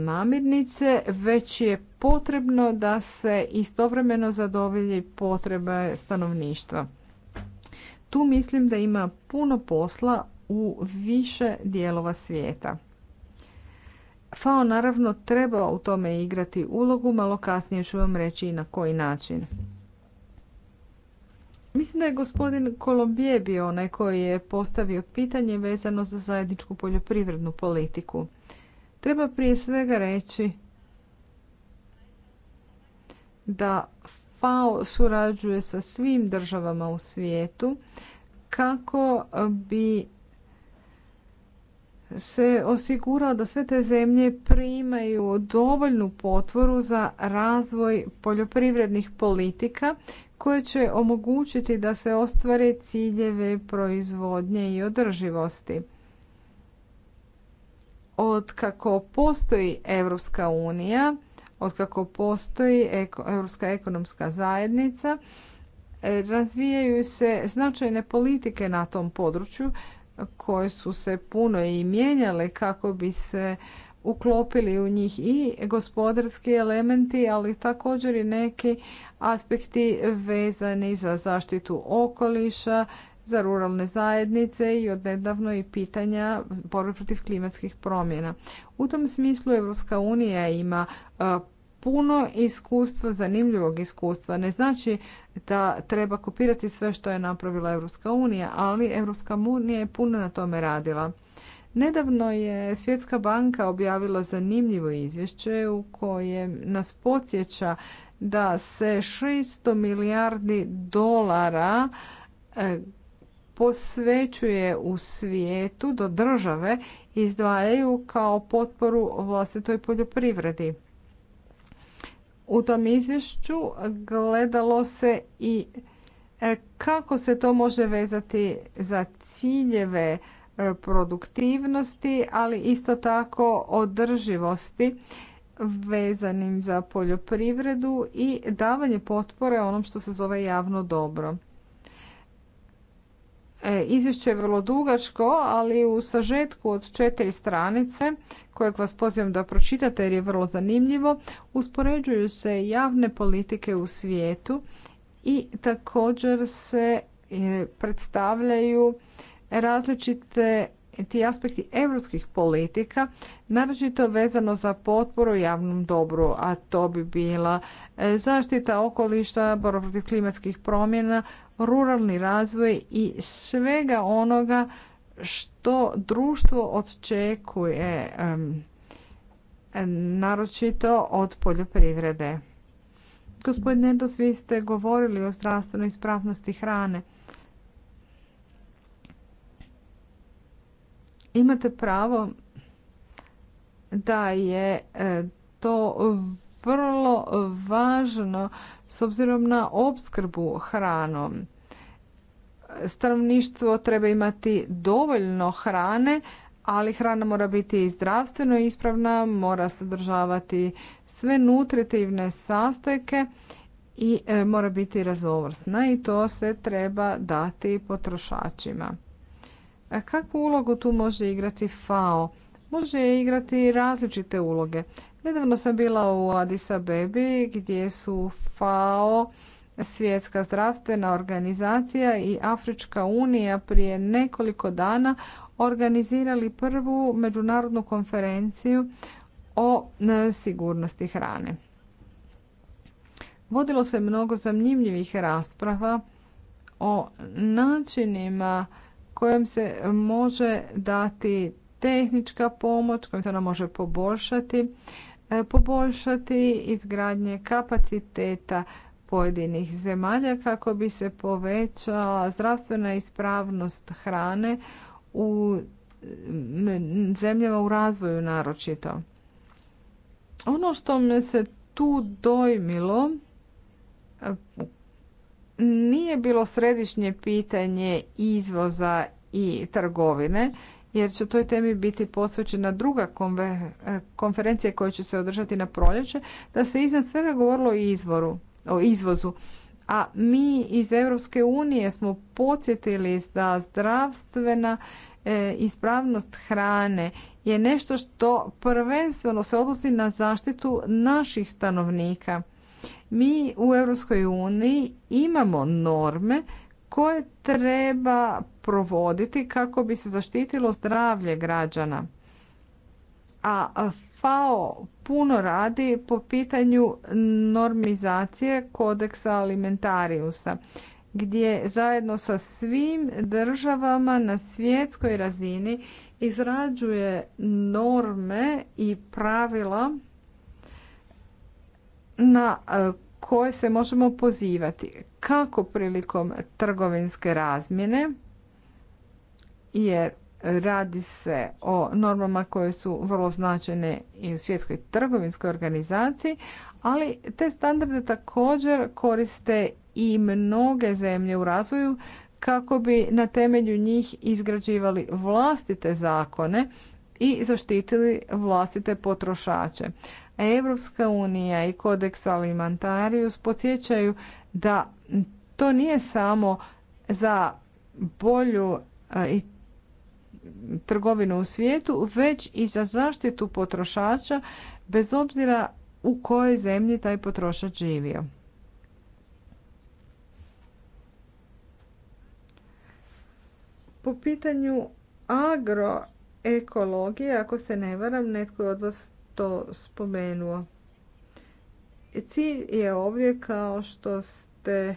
namirnice, već je potrebno da se istovremeno zadovolji potrebe stanovništva. Tu mislim da ima puno posla u više dijelova svijeta. FAO naravno treba u tome igrati ulogu, malo kasnije ću vam reći i na koji način. Mislim da je gospodin Kolombije bio onaj koji je postavio pitanje vezano za zajedničku poljoprivrednu politiku. Treba prije svega reći da FAO surađuje sa svim državama u svijetu kako bi se osigurao da sve te zemlje primaju dovoljnu potvoru za razvoj poljoprivrednih politika koje će omogućiti da se ostvare ciljeve proizvodnje i održivosti. Od kako postoji Europska unija, kako postoji Europska ekonomska zajednica, razvijaju se značajne politike na tom području koje su se puno i mijenjale kako bi se uklopili u njih i gospodarski elementi, ali također i neki aspekti vezani za zaštitu okoliša, za ruralne zajednice i nedavno i pitanja borbe protiv klimatskih promjena. U tom smislu Europska unija ima e, puno iskustva, zanimljivog iskustva. Ne znači da treba kopirati sve što je napravila Europska unija, ali Europska unija je puno na tome radila. Nedavno je Svjetska banka objavila zanimljivo izvješće u kojem nas podsjeća da se 600 milijardi dolara e, posvećuje u svijetu do države izdvajaju kao potporu vlastitoj poljoprivredi. U tom izvješću gledalo se i e, kako se to može vezati za ciljeve E, produktivnosti, ali isto tako održivosti vezanim za poljoprivredu i davanje potpore onom što se zove javno dobro. E, izvješće je vrlo dugačko, ali u sažetku od četiri stranice, kojeg vas pozivam da pročitate jer je vrlo zanimljivo, uspoređuju se javne politike u svijetu i također se e, predstavljaju različite ti aspekti europskih politika, naročito vezano za potporu javnom dobru, a to bi bila e, zaštita okoliša, borba protiv klimatskih promjena, ruralni razvoj i svega onoga što društvo očekuje, naročito od poljoprivrede. Gospodine Endos, vi ste govorili o zdravstvenoj ispravnosti hrane. imate pravo da je e, to vrlo važno s obzirom na opskrbu hranom. Stanovništvo treba imati dovoljno hrane, ali hrana mora biti zdravstveno ispravna, mora sadržavati sve nutritivne sastojke i e, mora biti razovrsna i to se treba dati potrošačima. Kakvu ulogu tu može igrati FAO? Može igrati različite uloge. Nedavno sam bila u Addis Abebi gdje su FAO, Svjetska zdravstvena organizacija i Afrička unija prije nekoliko dana organizirali prvu međunarodnu konferenciju o e, sigurnosti hrane. Vodilo se mnogo zanimljivih rasprava o načinima kojom se može dati tehnička pomoć, kojom se ona može poboljšati, e, poboljšati izgradnje kapaciteta pojedinih zemalja kako bi se povećala zdravstvena ispravnost hrane u zemljama u razvoju naročito. Ono što me se tu dojmilo nije bilo središnje pitanje izvoza i trgovine, jer će toj temi biti posvećena druga konferencija koja će se održati na proljeće, da se iznad svega govorilo o, izvoru, o izvozu. A mi iz Europske unije smo podsjetili da zdravstvena e, ispravnost hrane je nešto što prvenstveno se odnosi na zaštitu naših stanovnika. Mi u Europskoj uniji imamo norme koje treba provoditi kako bi se zaštitilo zdravlje građana. A FAO puno radi po pitanju normizacije kodeksa alimentariusa gdje zajedno sa svim državama na svjetskoj razini izrađuje norme i pravila na e, koje se možemo pozivati kako prilikom trgovinske razmjene jer radi se o normama koje su vrlo značajne i u svjetskoj trgovinskoj organizaciji, ali te standarde također koriste i mnoge zemlje u razvoju kako bi na temelju njih izgrađivali vlastite zakone i zaštitili vlastite potrošače. Europska unija i kodeks alimentarius podsjećaju da to nije samo za bolju e, i trgovinu u svijetu, već i za zaštitu potrošača bez obzira u kojoj zemlji taj potrošač živio. Po pitanju agroekologije, ako se ne varam, netko je od vas to spomenuo. Cilj je ovdje kao što ste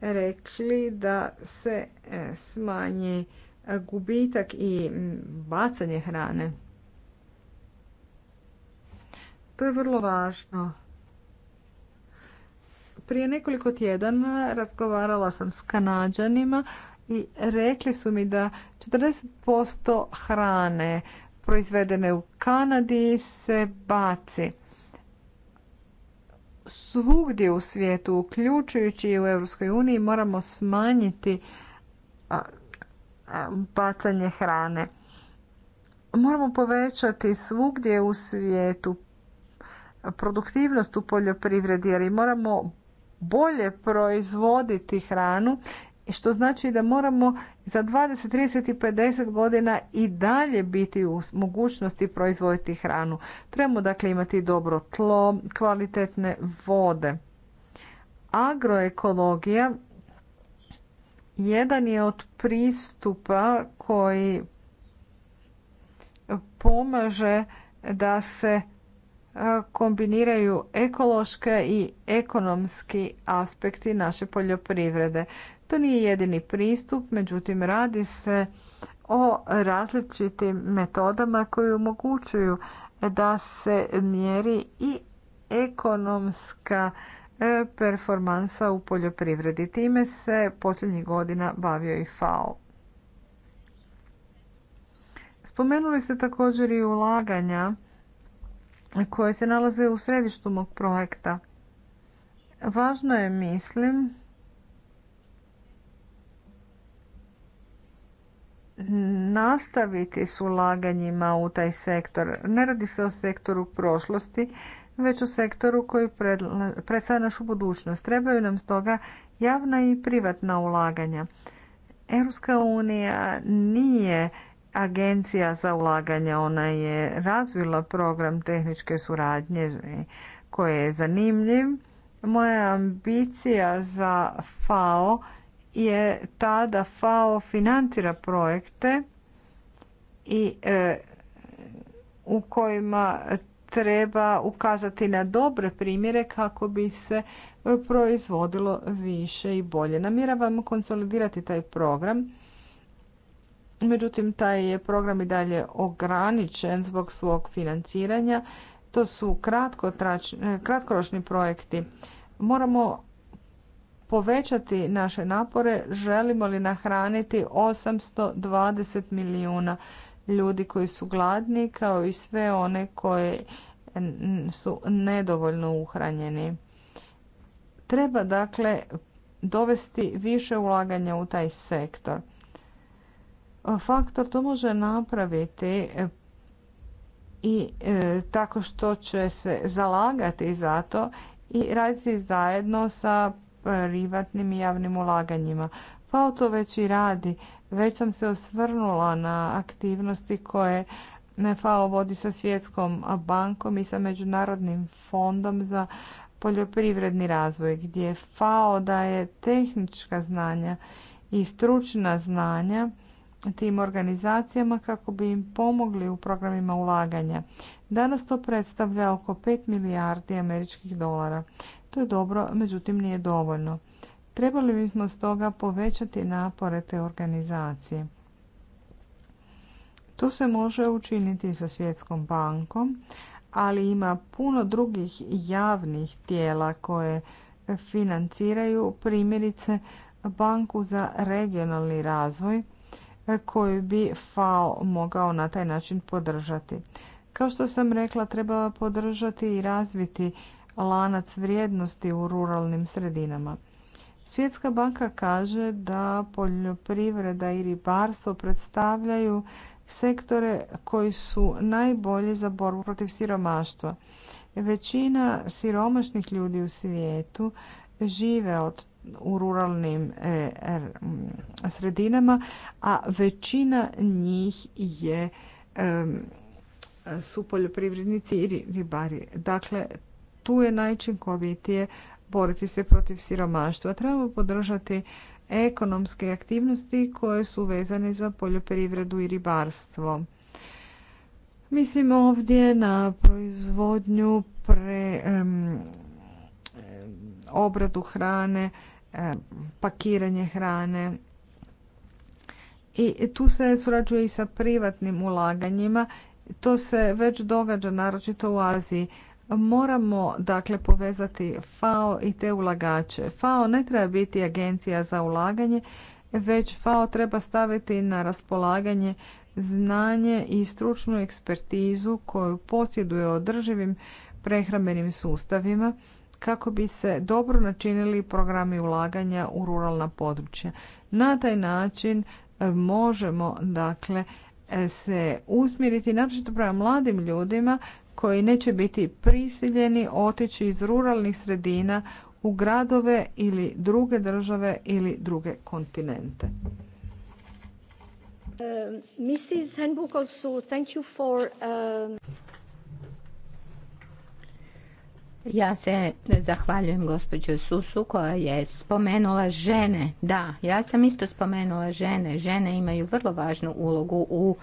rekli da se e, smanji gubitak i bacanje hrane. To je vrlo važno. Prije nekoliko tjedana razgovarala sam s Kanađanima i rekli su mi da 40% hrane proizvedene u Kanadi se baci. Svugdje u svijetu, uključujući i u Europskoj uniji, moramo smanjiti bacanje hrane. Moramo povećati svugdje u svijetu produktivnost u poljoprivredi jer moramo bolje proizvoditi hranu što znači da moramo za 20, 30 i 50 godina i dalje biti u mogućnosti proizvoditi hranu. Trebamo dakle imati dobro tlo, kvalitetne vode. Agroekologija jedan je od pristupa koji pomaže da se e, kombiniraju ekološke i ekonomski aspekti naše poljoprivrede. To nije jedini pristup, međutim radi se o različitim metodama koje omogućuju da se mjeri i ekonomska e, performansa u poljoprivredi. Time se posljednjih godina bavio i FAO. Spomenuli ste također i ulaganja koje se nalaze u središtu mog projekta. Važno je, mislim, nastaviti s ulaganjima u taj sektor. Ne radi se o sektoru prošlosti, već o sektoru koji predstavlja našu budućnost. Trebaju nam stoga javna i privatna ulaganja. Europska unija nije agencija za ulaganja, ona je razvila program tehničke suradnje koji je zanimljiv. Moja ambicija za FAO je ta da FAO financira projekte i e, u kojima treba ukazati na dobre primjere kako bi se proizvodilo više i bolje. Namjeravamo konsolidirati taj program. Međutim, taj je program i dalje ograničen zbog svog financiranja. To su e, kratkoročni projekti. Moramo povećati naše napore, želimo li nahraniti 820 milijuna ljudi koji su gladni kao i sve one koje su nedovoljno uhranjeni. Treba dakle dovesti više ulaganja u taj sektor. Faktor to može napraviti i e, tako što će se zalagati za to i raditi zajedno sa privatnim i javnim ulaganjima. o to već i radi. Već sam se osvrnula na aktivnosti koje FAO vodi sa Svjetskom bankom i sa Međunarodnim fondom za poljoprivredni razvoj, gdje FAO daje tehnička znanja i stručna znanja tim organizacijama kako bi im pomogli u programima ulaganja. Danas to predstavlja oko 5 milijardi američkih dolara. To je dobro, međutim nije dovoljno. Trebali bismo stoga povećati napore te organizacije. To se može učiniti sa Svjetskom bankom, ali ima puno drugih javnih tijela koje financiraju primjerice banku za regionalni razvoj koju bi FAO mogao na taj način podržati. Kao što sam rekla, treba podržati i razviti lanac vrijednosti u ruralnim sredinama. Svjetska banka kaže da poljoprivreda i ribarstvo predstavljaju sektore koji su najbolji za borbu protiv siromaštva. Većina siromašnih ljudi u svijetu žive od, u ruralnim e, er, mm, sredinama, a većina njih je su poljoprivrednici i ribari. Dakle, tu je najčinkovitije boriti se protiv siromaštva. Trebamo podržati ekonomske aktivnosti koje su vezane za poljoprivredu i ribarstvo. Mislim ovdje na proizvodnju pre, obradu hrane, pakiranje hrane. I tu se surađuje i sa privatnim ulaganjima. To se već događa, naročito u Aziji. Moramo dakle povezati FAO i te ulagače. FAO ne treba biti agencija za ulaganje, već FAO treba staviti na raspolaganje znanje i stručnu ekspertizu koju posjeduje održivim prehrambenim sustavima kako bi se dobro načinili programi ulaganja u ruralna područja. Na taj način e, možemo dakle e, se usmjeriti naročito prema mladim ljudima koji neće biti prisiljeni otići iz ruralnih sredina u gradove ili druge države ili druge kontinente. Um, um, ja se zahvaljujem gospođo Susu koja je spomenula žene. Da, ja sam isto spomenula žene. Žene imaju vrlo važnu ulogu u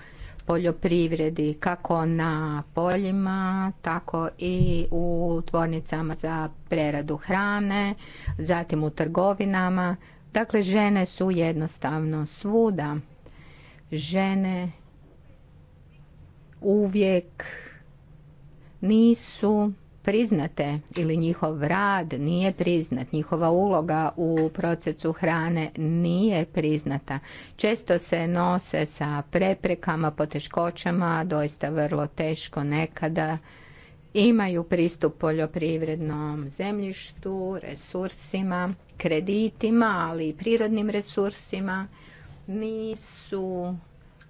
poljoprivredi kako na poljima, tako i u tvornicama za preradu hrane, zatim u trgovinama. Dakle, žene su jednostavno svuda. Žene uvijek nisu priznate ili njihov rad nije priznat, njihova uloga u procesu hrane nije priznata. Često se nose sa preprekama, poteškoćama, doista vrlo teško nekada imaju pristup poljoprivrednom zemljištu, resursima, kreditima, ali i prirodnim resursima. Nisu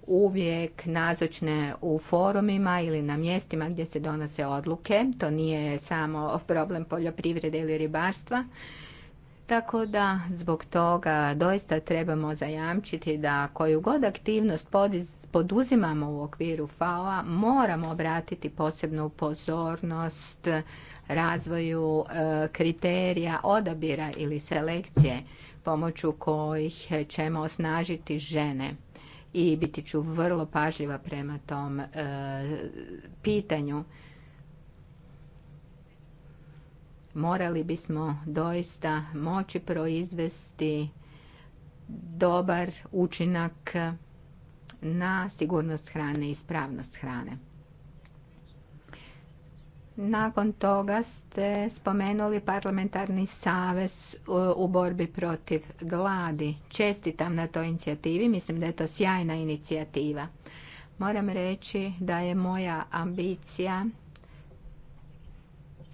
uvijek nazočne u forumima ili na mjestima gdje se donose odluke. To nije samo problem poljoprivrede ili ribarstva. Tako da zbog toga doista trebamo zajamčiti da koju god aktivnost poduzimamo u okviru FAO-a moramo obratiti posebnu pozornost razvoju e, kriterija odabira ili selekcije pomoću kojih ćemo osnažiti žene i biti ću vrlo pažljiva prema tom e, pitanju. Morali bismo doista moći proizvesti dobar učinak na sigurnost hrane i ispravnost hrane. Nakon toga ste spomenuli parlamentarni savez e, u borbi protiv gladi. Čestitam na toj inicijativi, mislim da je to sjajna inicijativa. Moram reći da je moja ambicija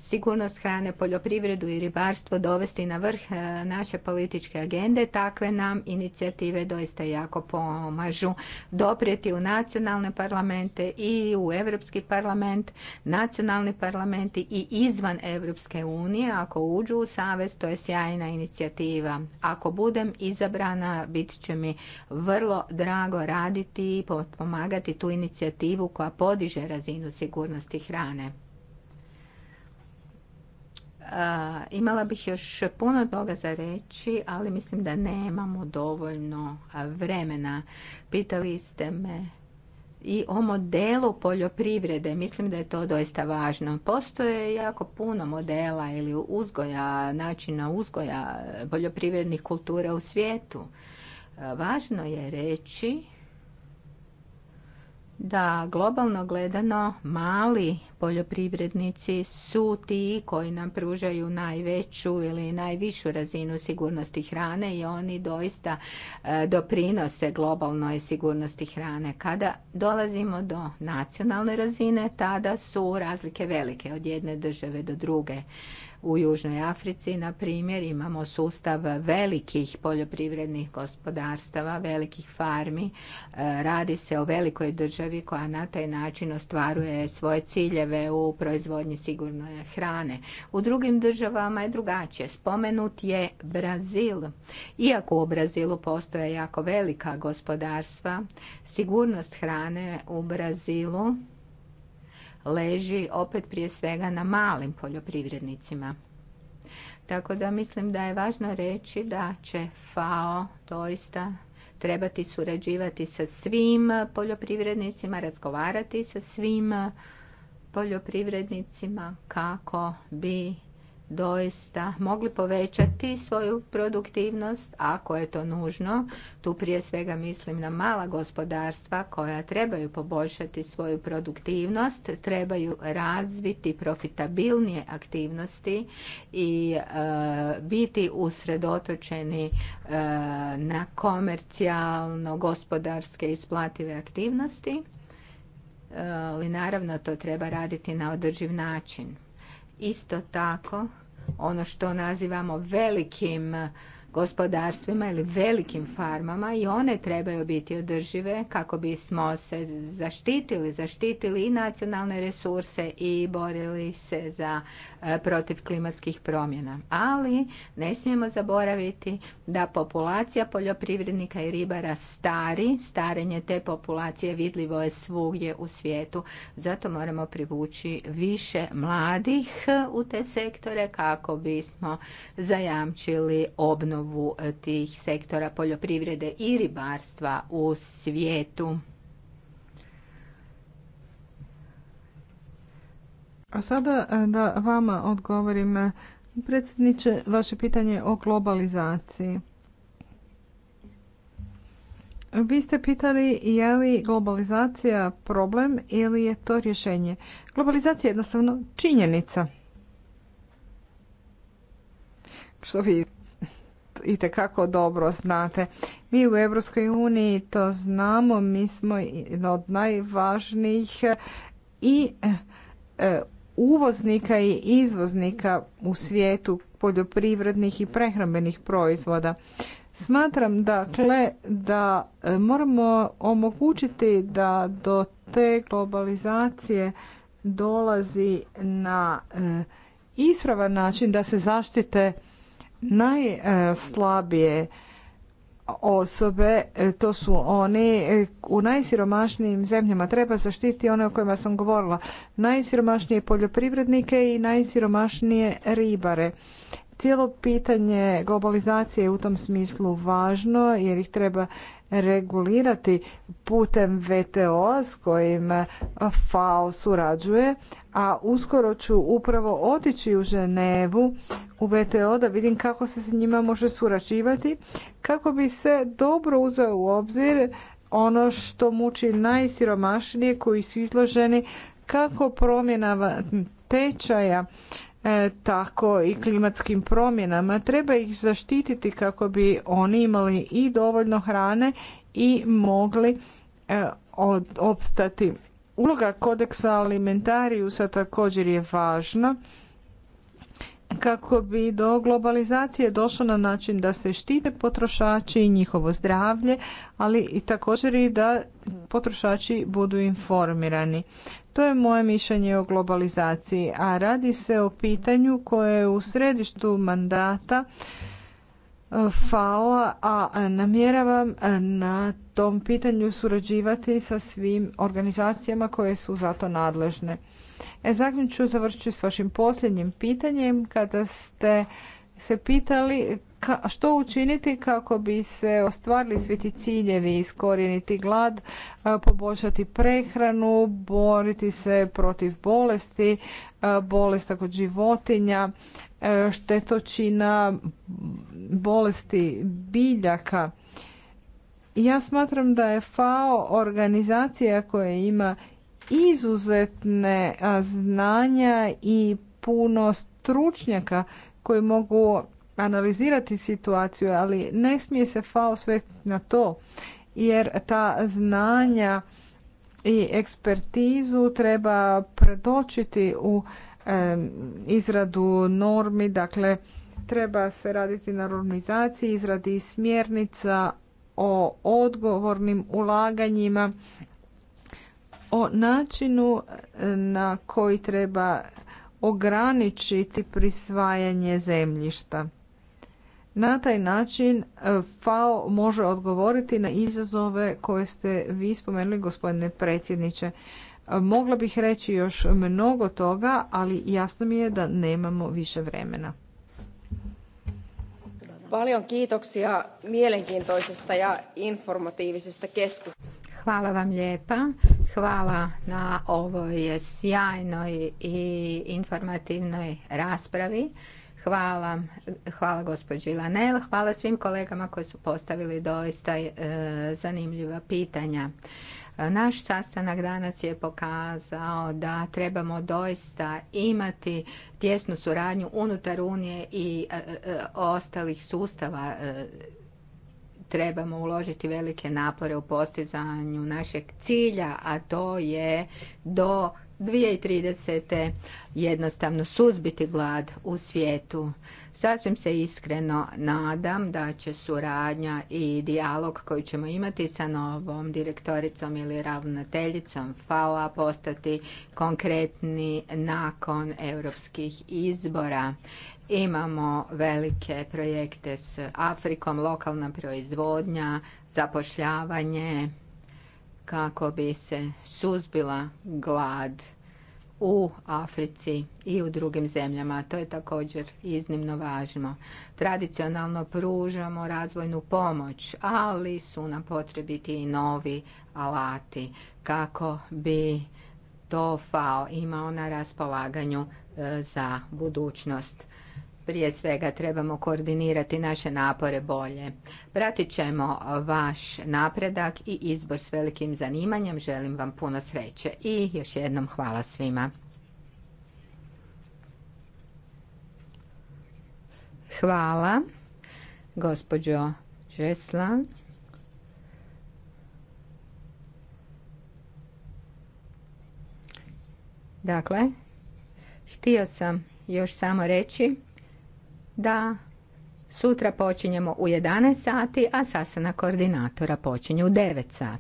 sigurnost hrane, poljoprivredu i ribarstvo dovesti na vrh e, naše političke agende, takve nam inicijative doista jako pomažu doprijeti u nacionalne parlamente i u Europski parlament, nacionalni parlamenti i izvan Europske unije. Ako uđu u savez, to je sjajna inicijativa. Ako budem izabrana, bit će mi vrlo drago raditi i pomagati tu inicijativu koja podiže razinu sigurnosti hrane. Imala bih još puno toga za reći, ali mislim da nemamo dovoljno vremena. Pitali ste me i o modelu poljoprivrede. Mislim da je to doista važno. Postoje jako puno modela ili uzgoja, načina uzgoja poljoprivrednih kultura u svijetu. Važno je reći da globalno gledano mali poljoprivrednici su ti koji nam pružaju najveću ili najvišu razinu sigurnosti hrane i oni doista e, doprinose globalnoj sigurnosti hrane. Kada dolazimo do nacionalne razine, tada su razlike velike od jedne države do druge. U Južnoj Africi, na primjer, imamo sustav velikih poljoprivrednih gospodarstava, velikih farmi. E, radi se o velikoj državi koja na taj način ostvaruje svoje ciljeve u proizvodnji sigurnoj hrane. U drugim državama je drugačije. Spomenut je Brazil. Iako u Brazilu postoje jako velika gospodarstva, sigurnost hrane u Brazilu leži opet prije svega na malim poljoprivrednicima. Tako da mislim da je važno reći da će FAO doista trebati surađivati sa svim poljoprivrednicima, razgovarati sa svim poljoprivrednicima kako bi doista mogli povećati svoju produktivnost ako je to nužno. Tu prije svega mislim na mala gospodarstva koja trebaju poboljšati svoju produktivnost, trebaju razviti profitabilnije aktivnosti i e, biti usredotočeni e, na komercijalno gospodarske isplative aktivnosti, e, ali naravno to treba raditi na održiv način. Isto tako, ono što nazivamo velikim gospodarstvima ili velikim farmama i one trebaju biti održive kako bismo se zaštitili, zaštitili i nacionalne resurse i borili se za E, protiv klimatskih promjena. Ali ne smijemo zaboraviti da populacija poljoprivrednika i ribara stari, starenje te populacije vidljivo je svugdje u svijetu. Zato moramo privući više mladih e, u te sektore kako bismo zajamčili obnovu e, tih sektora poljoprivrede i ribarstva u svijetu. A sada e, da vama odgovorim, predsjedniče, vaše pitanje o globalizaciji. Vi ste pitali je li globalizacija problem ili je to rješenje. Globalizacija je jednostavno činjenica. Što vi i kako dobro znate. Mi u Europskoj uniji to znamo, mi smo od najvažnijih i e, uvoznika i izvoznika u svijetu poljoprivrednih i prehrambenih proizvoda. Smatram dakle da e, moramo omogućiti da do te globalizacije dolazi na e, ispravan način da se zaštite najslabije osobe, e, to su oni e, u najsiromašnijim zemljama. Treba zaštiti one o kojima sam govorila. Najsiromašnije poljoprivrednike i najsiromašnije ribare. Cijelo pitanje globalizacije je u tom smislu važno jer ih treba regulirati putem VTO s kojim FAO surađuje, a uskoro ću upravo otići u Ženevu u VTO da vidim kako se s njima može surađivati kako bi se dobro uzeo u obzir ono što muči najsiromašnije koji su izloženi kako promjena tečaja E, tako i klimatskim promjenama. Treba ih zaštititi kako bi oni imali i dovoljno hrane i mogli e, opstati. Uloga kodeksa alimentarijusa također je važna kako bi do globalizacije došlo na način da se štite potrošači i njihovo zdravlje, ali i također i da potrošači budu informirani. To je moje mišljenje o globalizaciji, a radi se o pitanju koje je u središtu mandata e, FAO, a namjeravam e, na tom pitanju surađivati sa svim organizacijama koje su za to nadležne. E, zaključu završiti s vašim posljednjim pitanjem kada ste se pitali Ka, što učiniti kako bi se ostvarili svi ti ciljevi, iskorijeniti glad, poboljšati prehranu, boriti se protiv bolesti, bolesta kod životinja, štetočina, bolesti biljaka. Ja smatram da je FAO organizacija koja ima izuzetne znanja i puno stručnjaka koji mogu analizirati situaciju, ali ne smije se fao svesti na to, jer ta znanja i ekspertizu treba predočiti u izradu normi, dakle treba se raditi na normizaciji, izradi smjernica o odgovornim ulaganjima, o načinu na koji treba ograničiti prisvajanje zemljišta. Na taj način e, FAO može odgovoriti na izazove koje ste vi spomenuli gospodine predsjedniče. E, mogla bih reći još mnogo toga, ali jasno mi je da nemamo više vremena. Paljon kiitoksia ja Hvala vam lijepa. Hvala na ovoj sjajnoj i informativnoj raspravi. Hvala, hvala gospođi Lanel, hvala svim kolegama koji su postavili doista e, zanimljiva pitanja. Naš sastanak danas je pokazao da trebamo doista imati tjesnu suradnju unutar Unije i e, e, ostalih sustava trebamo uložiti velike napore u postizanju našeg cilja, a to je do 2030. jednostavno suzbiti glad u svijetu. Sasvim se iskreno nadam da će suradnja i dijalog koji ćemo imati sa novom direktoricom ili ravnateljicom FAO-a postati konkretni nakon europskih izbora. Imamo velike projekte s Afrikom, lokalna proizvodnja, zapošljavanje, kako bi se suzbila glad u Africi i u drugim zemljama. To je također iznimno važno. Tradicionalno pružamo razvojnu pomoć, ali su nam potrebiti i novi alati kako bi to FAO imao na raspolaganju e, za budućnost prije svega trebamo koordinirati naše napore bolje. Pratit ćemo vaš napredak i izbor s velikim zanimanjem. Želim vam puno sreće i još jednom hvala svima. Hvala, gospođo Žeslan. Dakle, htio sam još samo reći da sutra počinjemo u 11 sati, a sasana koordinatora počinje u 9 sati.